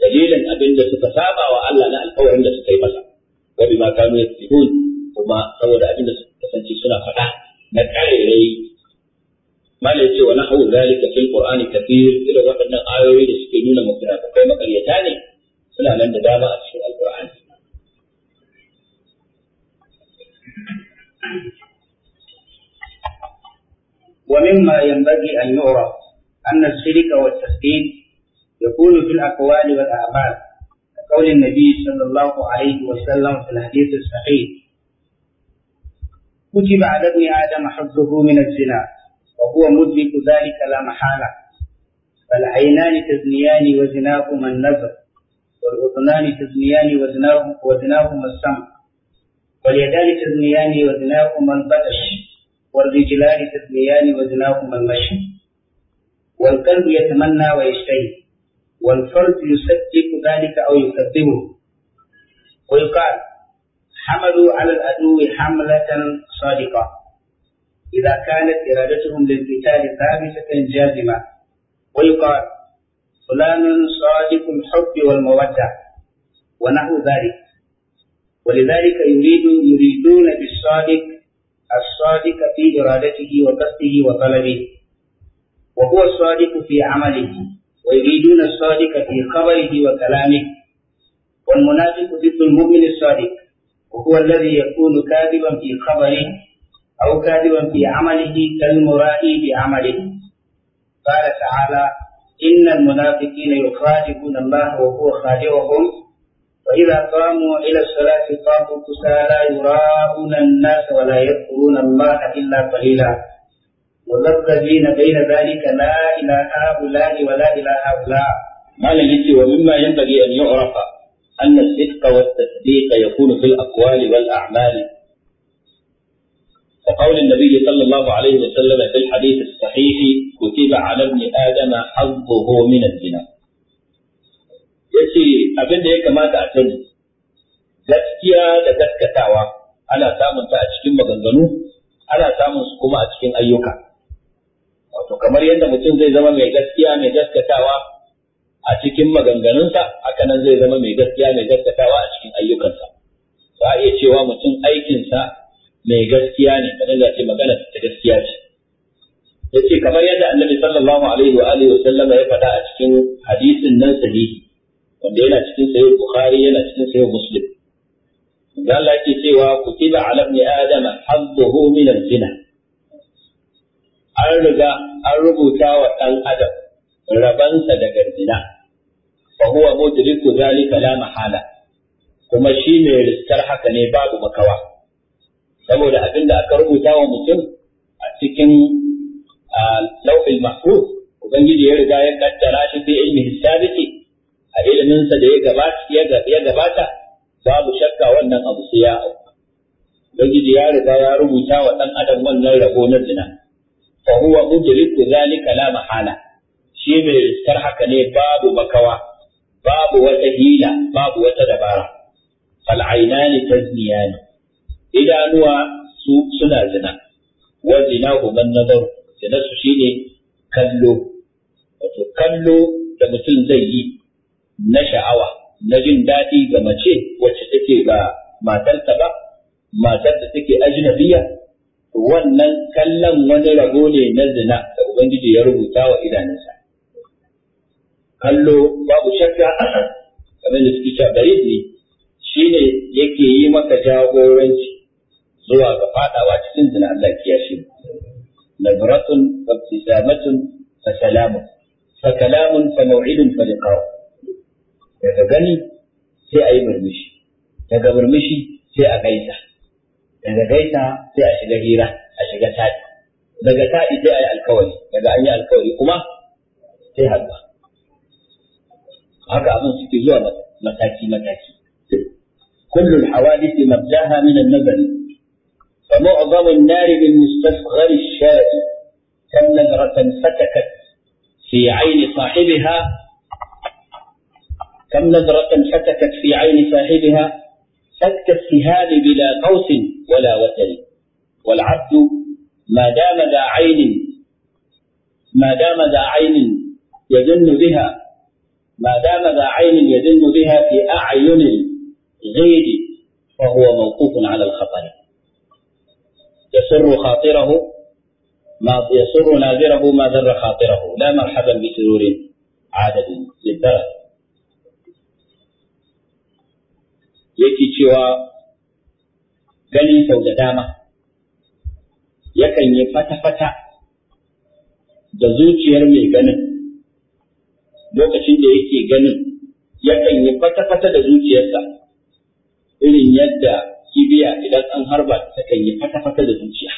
dalilin abin da suka saba wa Allah na alƙawarin da suka yi masa wa ma kanu yasbihun kuma saboda abin da suka kasance suna faɗa na ƙarerai ما yace wa nahu zalika fil qur'ani kathir ila waɗannan ayoyi da suke nuna munafikai makaryata ne suna nan da dama a cikin alqur'ani ومما ينبغي أن يعرف أن الشرك والتسكين يكون في الأقوال والأعمال كقول النبي صلى الله عليه وسلم في الحديث الصحيح كتب على ابن آدم حظه من الزنا وهو مدرك ذلك لا محالة فالعينان تزنيان وزناهما النظر والأذنان تزنيان وزناهما السمع واليدان تزنيان وزناهما البطش والرجلان تزنيان وزناهما المشي والقلب يتمنى ويشتهي والفرد يصدق ذلك أو يكذبه ويقال حملوا على الأدو حملة صادقة إذا كانت إرادتهم للقتال ثابتة جازمة ويقال فلان صادق الحب والمودة ونحو ذلك ولذلك يريد يريدون بالصادق الصادق في إرادته وقصده وطلبه وهو الصادق في عمله ويريدون الصادق في خبره وكلامه والمنافق ضد المؤمن الصادق وهو الذي يكون كاذبا في خبره أو كاذبا في عمله كالمرائي بعمله قال تعالى إن المنافقين يخادعون الله وهو خادعهم وإذا قاموا إلى الصلاة قاموا كسالى يراءون الناس ولا يذكرون الله إلا قليلا مذبذبين بين ذلك لا إلى هؤلاء ولا إلى هؤلاء ما يجي ومما ينبغي أن يعرف أن الصدق والتصديق يكون في الأقوال والأعمال كقول النبي صلى الله عليه وسلم في الحديث الصحيح كتب على ابن آدم حظه من الزنا yace abin da ya kamata a sani gaskiya da gaskatawa ana samun ta a cikin maganganu ana samun su kuma a cikin wato kamar yadda mutum zai zama mai gaskiya mai gaskatawa a cikin maganganunsa haka nan zai zama mai gaskiya mai gaskatawa a cikin ayyukansa za a iya cewa mutum aikinsa mai gaskiya ne ka dinga ce magana ta gaskiya ce yace kamar yadda annabi sallallahu alaihi wa alihi wasallam ya faɗa a cikin hadisin nan sahihi wanda yana cikin sahih bukhari yana cikin sahih muslim dan Allah yake cewa kutiba ala ibn adama hadduhu min al-zina an riga an rubuta wa dan adam rabansa daga zina fa huwa mudriku zalika la mahala kuma shi mai riskar haka ne babu makawa saboda abin da aka rubuta wa mutum a cikin lauhin mahfuz ubangiji ya riga ya kaddara shi fi ilmi sabiki a iliminsa da ya gabata babu shakka wannan abu sai ya auku ubangiji ya riga ya rubuta wa dan adam wannan rabo na zina fa huwa mudriku zalika la mahala shi mai riskar haka ne babu makawa babu wata hila babu wata dabara fal tazniyani idanuwa su suna zina wa zina man nazar zina su shine kallo wato kallo da mutum zai yi na sha'awa na jin daɗi ga mace wacce take ba matarsa ba matar da take ajnabiya wannan kallon wani rago ne na zina da ubangiji ya rubuta wa idanunsa kallo babu shakka kamar da suke cewa ne shine yake yi maka jagoranci zuwa ga fadawa cikin zina Allah ya kiyashe نظرة وابتسامة فسلام فكلام فموعد فلقاء daga gani sai ayi murmushi daga murmushi sai a gaisa daga gaisa sai a shiga hira a shiga tadi daga tadi sai ayi yi alkawari daga an yi alkawari kuma sai haɗuwa haka abin suke zuwa mataki mataki kullum hawadisi mabdaha min an-nazari ومعظم النار من مستصغر الشاة كم نظرة فتكت في عين صاحبها كم نذرة فتكت في عين صاحبها فتك السهام بلا قوس ولا وتر والعبد ما دام ذا عين ما دام ذا عين يدن بها ما دام ذا عين يدن بها في أعين الغيد فهو موقوف على الخطر يسر خاطره ما يسر ناذره ما ذر خاطره لا مرحبا بسرور عدد للدرج yake cewa gani sau da dama yakan yi fata-fata da zuciyar mai ganin lokacin da yake ganin yakan yi fata-fata da zuciyarsa irin yadda kibiya idan an harba ta kan yi fata-fata da zuciya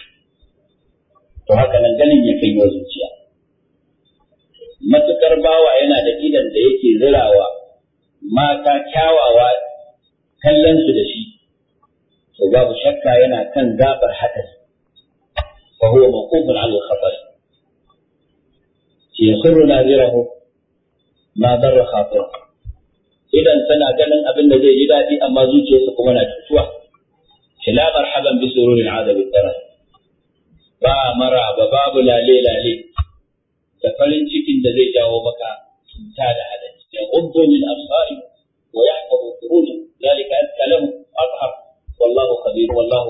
to haka nan ganin ya kan wa zuciya matukar bawa yana da idan da yake zirawa mata kyawawa kallon su da shi to babu shakka yana kan gabar haɗari fa huwa maqufun ala al-khatar yasirru nazirahu ma barra khatar. idan tana ganin abin da zai yi daɗi amma zuciyarsa kuma na cutuwa لا مرحبا بسرور العاده عاد بالدرس فمرى باب لا ليلة لي فقلن شكل دزي جاوبك تالى هذا يغض من أبصاري ويحفظ فروجه ذلك أذكى له أظهر والله خبير والله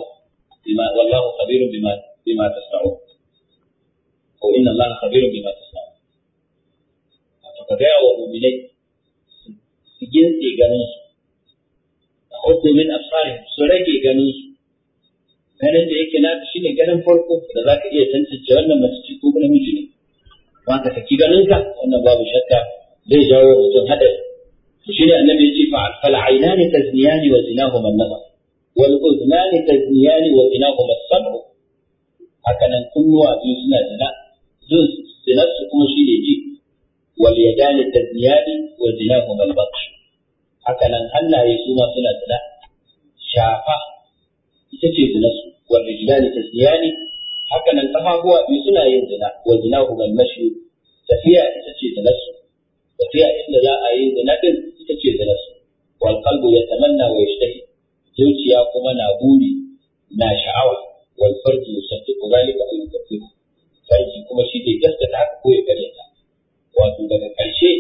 بما والله خبير بما بما تصنعون وإن الله خبير بما تصنعون فقد جاوبوا بليل سجنتي جنوس تغض من أبصارهم سرقي جنوس ganin da yake naka ne ganin farko da za ka iya tantance wannan mace ce ko namiji ne ba ka saki ganinka wannan babu shakka zai jawo mutum haɗari to ne annabi ya ce fa al-ainani tazniyani wa zinahuma an-nazar wal udhnani tazniyani wa zinahuma as-sam'u haka nan kunnuwa biyu suna zina jin zinar su kuma shine ji wal yadani tazniyani wa zinahuma al-batsh haka nan hannaye su ma suna zina shafa ita ce zina su wal rijlani tasniyani haka nan kafafuwa biyu suna yin zina wa zina humal mashi tafiya ita ce zina su tafiya inda za a yi zina din ita ce zina su wal qalbu yatamanna wa yashtahi zuciya kuma na buri na sha'awa wal farji yusaddiqu zalika aw yukaththibu farji kuma shi ke gaskata haka ko ya karyata wato daga ƙarshe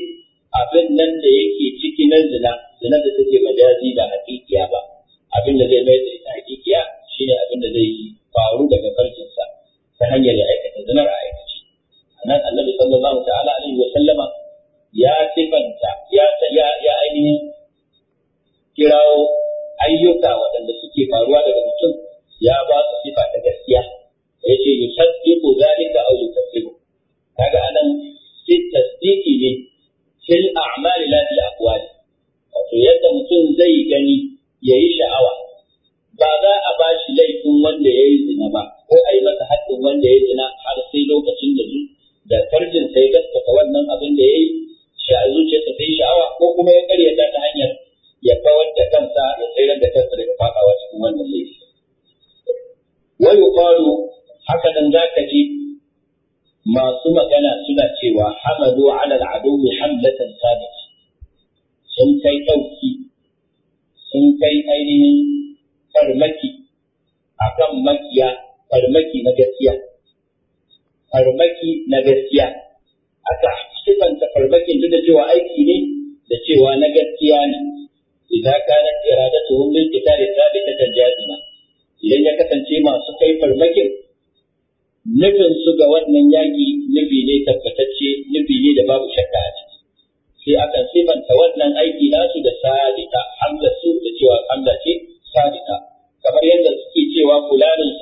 abin nan da yake ciki na zina zina da take majazi ba haƙiƙiya ba abin da zai mai da ita hakikiya shine abin da zai faru daga farcinsa ta hanyar ya aikata zinar a aikace nan annabi sallallahu ta'ala alaihi wa sallama ya sifanta ya ya ainihin kirawo ayyuka waɗanda suke faruwa daga mutum ya ba su sifa ta gaskiya yace yusaddiqu zalika aw yukaththibu kaga anan fit tasdiqi ne fil a'mali la fil wato yadda mutum zai gani ya yi sha'awa ba za a ba shi laifin wanda ya yi zina ba ko a yi masa haddin wanda ya yi zina har sai lokacin da zu da farjin sai gaskata wannan abin da ya yi zuciyarsa ta yi sha'awa ko kuma ya karyata ta hanyar ya kawar da kansa ya tsayar da kansa daga faɗawa cikin wannan laifi. Wai ƙwaro haka nan ka ji masu magana suna cewa hamadu ala al'adu hamlatan sadaki sun kai ɗauki sun kai ainihin farmaki a kan makiya farmaki na gaskiya farmaki na gaskiya A aka sifanta farmakin duk da cewa aiki ne da cewa na gaskiya ne idan da iradatuhum lil ta thabitatan jazima idan ya kasance masu kai farmakin nufin su ga wannan yaki nufi ne tabbatacce nufi ne da babu shakka a ciki sai akan sifanta wannan aiki nasu da sabita Allah su da cewa Allah ce sadiqa kamar yadda suke cewa fulanin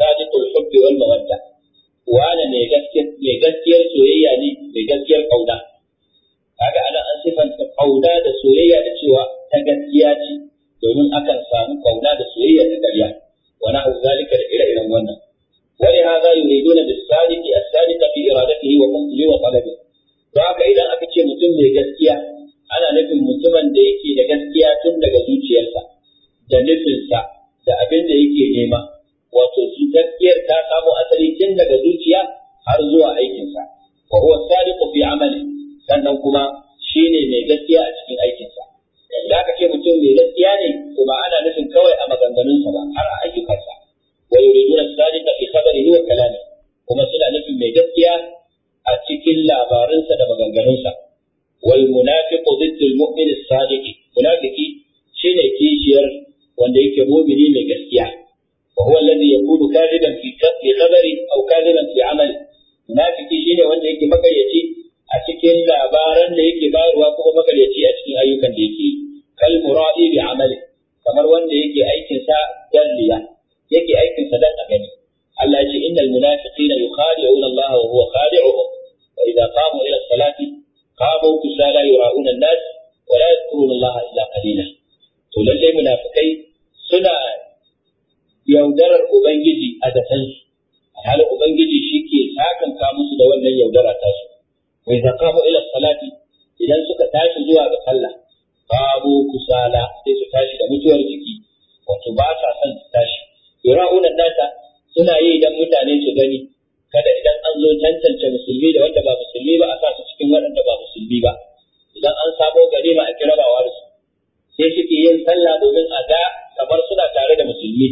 sallah domin a ga kamar suna tare da musulmi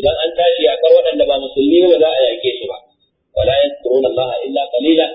idan an tashi yakar waɗanda ba musulmi ba za a yake su ba wala yadkuruna Allah illa qalila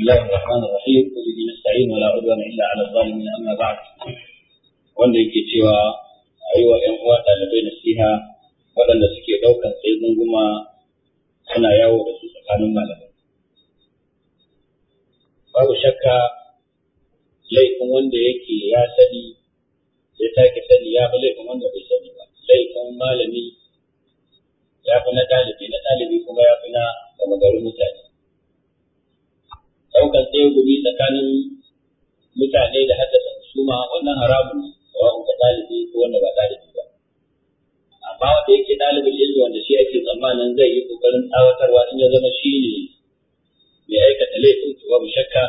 الله الرحمن الرحيم وبه نستعين ولا عدوان الا على الظالمين اما بعد a waɗanda suke ɗaukar sai gunguma suna yawo da su tsakanin malamai. Babu shakka laifin wanda yake ya sani ya take sani ya fi laifin wanda bai sani ba. Laifin malami ya fi na ɗalibi, na ɗalibi kuma ya fi na gama garin ɗaukar ɗaya gumi tsakanin mutane da haddasa suma wannan haramun ne sawa'un ka ɗalibi ko wanda ba ɗalibi ba amma wanda yake ɗalibin ilmi wanda shi ake tsammanin zai yi ƙoƙarin tsawatarwa in ya zama shi ne mai aikata laifin to babu shakka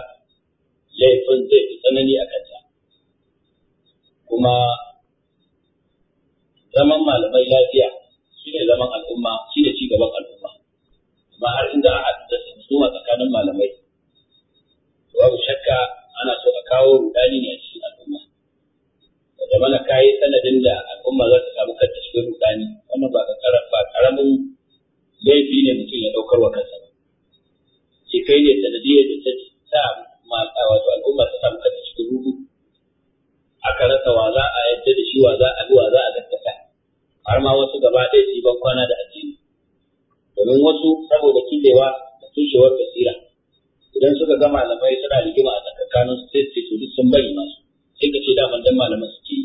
laifin zai fi tsanani a kanta kuma zaman malamai lafiya shi ne zaman al'umma shi ne cigaban al'umma amma har in za a haddasa husuma tsakanin malamai babu shakka ana so a kawo rudani ne a cikin al'umma da zamana kayi sanadin da al'umma za ta samu kanta cikin rudani wannan ba karamin laifi ne mutum ya daukar wa kansa ba shi kai ne sanadiyar da ta sa mata wato al'umma ta samu kanta cikin rudu aka rasa wa za a yadda da shi wa za a bi wa za a gaskata har ma wasu gaba ɗaya su yi ban kwana da addini domin wasu saboda killewa da tushewar basira idan suka ga malamai suna rigima a tsakanin su sai su duk sun bari masu sai ka ce daman dan malaman suke yi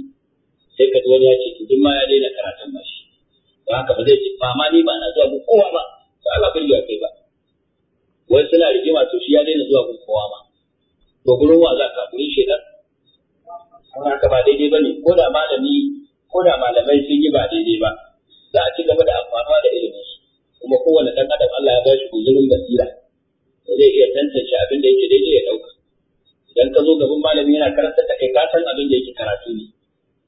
sai ka wani ya ce to duk ma ya daina karatun ba shi ba haka ba zai ce ba ma ni ba na zuwa gun kowa ba ba Allah bai ya kai ba wai suna rigima to shi ya daina zuwa gun kowa ma to gurin wa za ka gurin shedan don haka ba daidai ba ne ko da malami ko da malamai sun yi ba daidai ba za a ci gaba da amfanuwa da ilimin su kuma kowane ɗan adam Allah ya ba shi guzurin basira zai iya tantance abin da yake daidai ya ɗauka idan ka zo gaban malami yana karanta ta kai kasan abin da yake karatu ne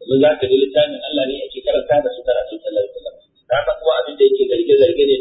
domin za ka ji littafin Allah ne ake karanta da su karatu sallallahu alaihi wasallam ka san kuma abin da yake zarge zarge ne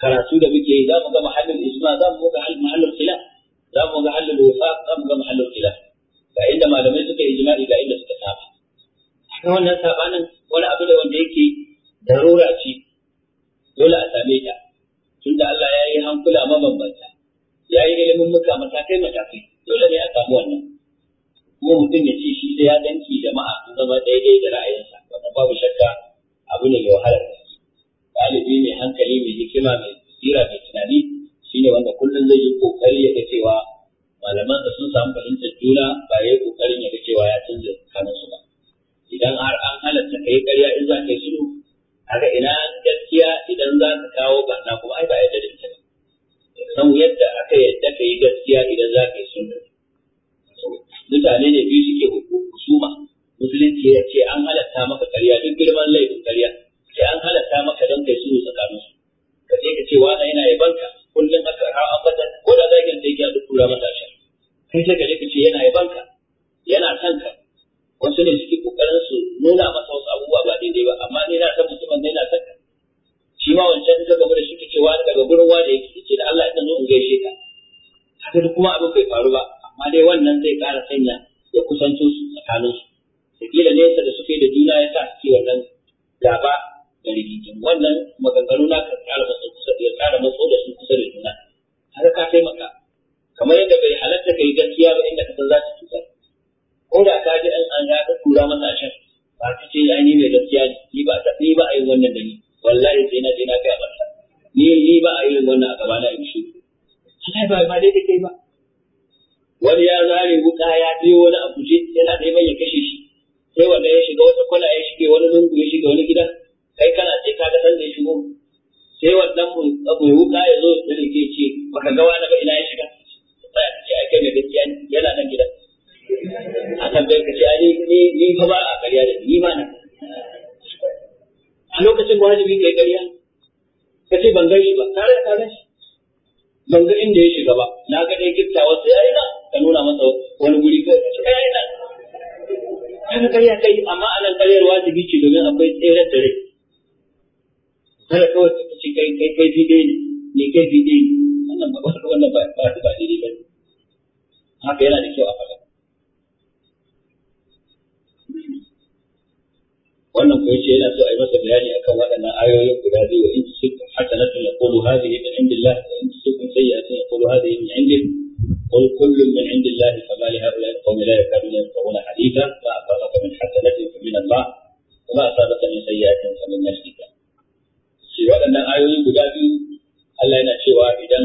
karatu da muke yi za mu ga mahallin ijma za mu ga mahallin khilaf za mu ga halin wifaq za mu ga mahallin khilaf ga inda malamai suka yi ijma'i ga inda suka saba ga wannan sabanin wani abu da wanda yake darura ce dole a same ta tunda Allah ya yi hankula mabambanta ya yi ilimin muka matakai matakai dole ne a samu wannan kuma mutum ya ce shi sai ya danki jama'a zama daidai da ra'ayi tambayar ka ce a ni ni fa ba a ƙarya da ni ma na a lokacin ko wajibi kai ƙarya ka ce ban gan ba tare da ka shi ban ga inda ya shiga ba na ga dai gifta wasu ya ina ka nuna masa wani guri ko ka ce kai ina kaga ƙarya kai amma anan ƙaryar wajibi ce domin akwai tsere tsere rai kada kawai ka ce kai kai kai fi ne ni kai fi ne wannan ba wannan ba ba daidai ba haka yana da kyau a faɗa wannan ko yace yana so a yi masa bayani akan waɗannan ayoyin guda biyu in tusikum hasanatun yaqulu hadhihi min indillah wa in tusikum sayyi'atun yaqulu hadhihi min indih قل كل من عند الله فما لهؤلاء القوم لا يكادون يفقهون حديثا ما أصابك من حسنة فمن الله وما أصابك من سيئة فمن نفسك. في waɗannan ayoyi guda biyu Allah yana cewa idan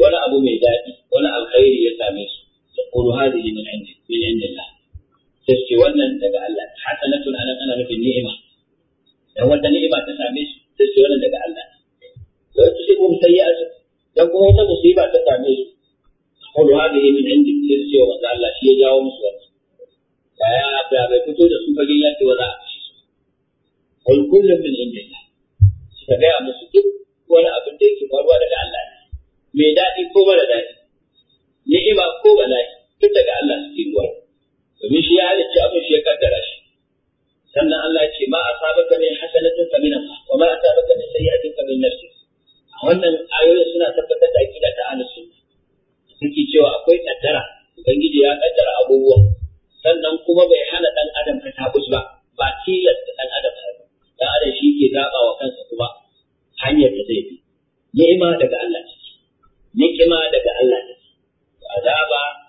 wani abu mai daɗi wani alkhairi ya same su da kulu hadhihi min indillah sai ce wannan daga Allah hasanatun anan ana nufin ni'ima dan wata ni'ima ta same shi sai ce wannan daga Allah kuma sai ya sayyi'atu dan kuma wata musiba ta same shi qulu hadhihi min indik sai ce wa Allah shi ya jawo musu wannan da ya abu bai fito da su fagen yaki wa za a kashe su qul kullun min indillah suka gaya musu duk wani abin da yake faruwa daga Allah ne mai daɗi ko mara daɗi ni'ima ko bala'i duk daga Allah suke zuwa domin shi ya halarci abin shi ya kaddara shi sannan Allah ce ma asabaka min hasanatin fa min wa ma asabaka min sayyi'atin fa min nafsi a wannan ayoyin suna tabbatar da aqida ta ahlus sunna suke cewa akwai kaddara ubangiji ya kaddara abubuwa sannan kuma bai hana dan adam ka tabus ba ba tilasta dan adam ba dan adam shi ke zaba wa kansa kuma hanyar da zai bi ni'ima daga Allah ce ni'ima daga Allah ce azaba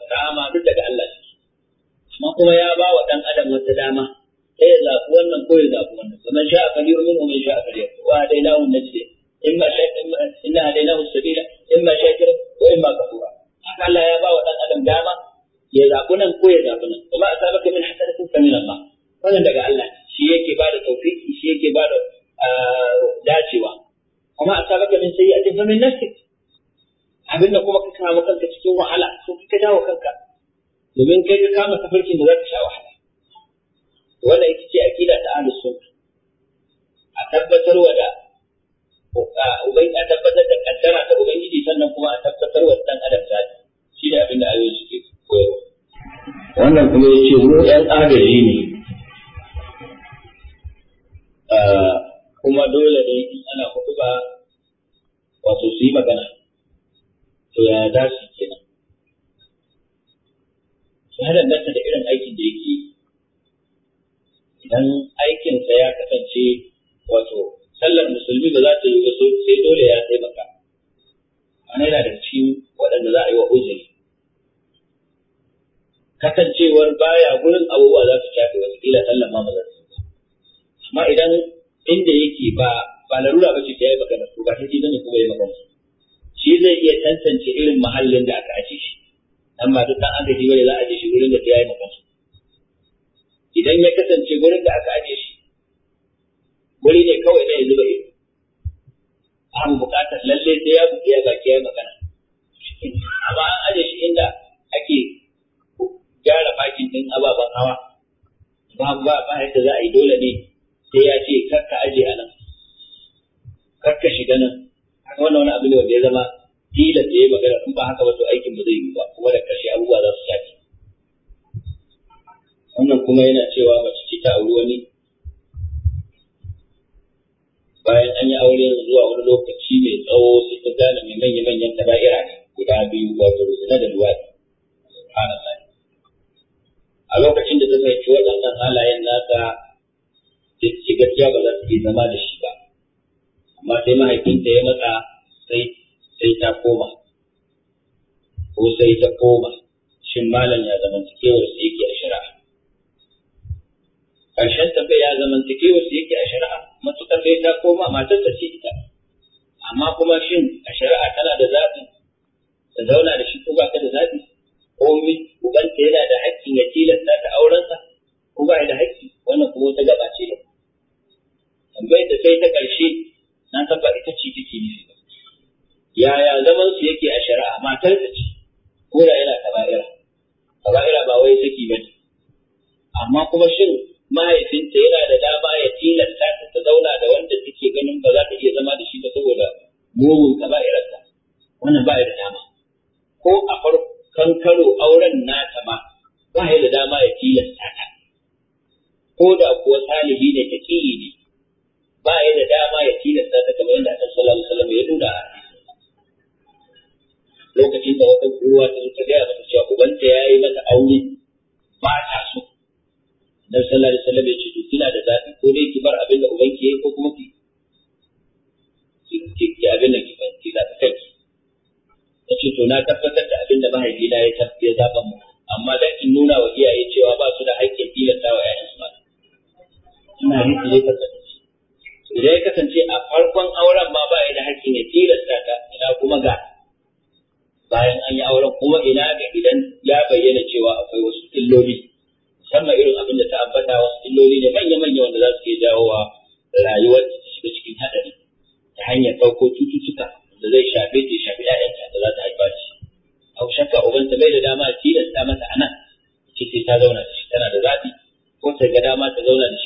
kuma ya ba wa ɗan adam wata dama sai ya zaɓi wannan ko ya zaɓi wannan kamar sha a kaliyar min wa sha a kaliyar wa dai lahun na jide in ma sha in na dai lahun sabila in ma sha kira ko in ma kafura haka Allah ya ba wa ɗan adam dama ya zaɓi nan ko ya zaɓi nan kuma a sabaka min hasanatin fa min Allah wannan daga Allah shi yake ba da tawfiki shi yake ba da ah, dacewa kuma a sabaka min sayyi'atin fa min nafsik abinda kuma ka kama kanka cikin wahala ko ka dawo kanka domin kai ka kama tafarkin da za ka sha wahala wannan ita ce akida ta ahlus sunna a tabbatar wa da ubai a tabbatar da kaddara ta ubangiji sannan kuma a tabbatar wa dan adam da shi da abin da ayoyi suke koyarwa wannan kuma ce mu yan agaji ne kuma dole ne in ana ba, wato su yi magana to ya dace kenan ya danganta da irin aikin da yake idan aikinsa ya kasance wato sallar musulmi ba za ta yi wasu sai dole ya taimaka ana yana da ci waɗanda za a yi wa uzuri kasancewar baya gurin abubuwa za su shafe wasu kila sallar ma ba za su amma idan inda yake ba ba larura ba ce ta yi magana ko ba ta zan yi kuma ya magana shi zai iya tantance irin mahallin da aka ajiye shi dan ba duk dan agaji bane za a je shi gurin da ya yi makansu idan ya kasance gurin da aka aje shi wuri ne kawai na yanzu ba ido an buƙatar lalle sai ya buɗe baki ya magana amma an aje shi inda ake gyara bakin din ababen hawa ba ba ba yadda za a yi dole ne sai ya ce karka aje a nan karka shiga nan wannan wani abu ne wanda ya zama da ya yi magana in ba haka ba to aikin ba zai yi ba kuma da ƙarshe abubuwa za su shafi wannan kuma yana cewa mace ce ta auri wani bayan an yi aure zuwa wani lokaci mai tsawo sai ta gane mai manya-manyan kaba'ira ne guda biyu wato zina da luwaɗi a lokacin da ta fahimci waɗannan halayen nata sai ta ce gaskiya ba za su iya zama da shi ba amma sai mahaifinta ya matsa sai sai ta koma ko sai ta koma shin malam ya zamantakewar su yake a shari'a ƙarshen tafiya ya zamantakewar su yake a shari'a matuƙar sai ta koma matar ta ce ita amma kuma shin a shari'a tana da zaɓi ta zauna da shi ko ba ka da zaɓi ko ubanta yana da haƙƙin ya tilasta ta aurensa ko ba da haƙƙi wannan kuma wata gaba ce da tambayar da sai ta ƙarshe na ba ita ce take nufi yaya zaman su yake a shari'a matar ta ce ko da yana kaba'ira kaba'ira ba wai saki bane amma kuma shin mahaifinta yana da dama ya tilasta ta ta zauna da wanda take ganin ba za ta iya zama da shi ba saboda mugun kaba'irarsa wannan ba ya da dama ko a farkon karo auren nata ma ba ya da dama ya tilasta ta ko da kuwa salihi ne ta ne ba ya da dama ya tilasta ta kamar yadda annabi sallallahu alaihi wasallam ya nuna a lokacin da wata ruwa ta ta gaya da cewa ubanta ya yi mata aure ba ta so na sallah da sallah ya ce to kina da zafi, ko dai ki bar abin da ubanki yayi ko kuma ki ki abin da ki da ta kai ta ce to na tabbatar da abin da mahaifina ya ya zaɓa mu amma da in nuna wa iyaye cewa ba su da haƙƙin tilasta wa su ba ina nufi ne kasance idan ya kasance a farkon auren ma ba ya da haƙƙin ya tilasta ta ina kuma ga bayan an yi auren kuma ina ga idan ya bayyana cewa akwai wasu illoli musamman irin abin da ta ambata wasu illoli ne manya-manya wanda za su iya wa rayuwar ta shiga cikin haɗari ta hanyar ɗauko cututtuka da zai shafe ta shafi ‘ya'yanta da za ta haifa shi. Au shakka ta, bai da dama tilasta mata a nan ce ta zauna da shi tana da zafi ko ta ga dama ta zauna da shi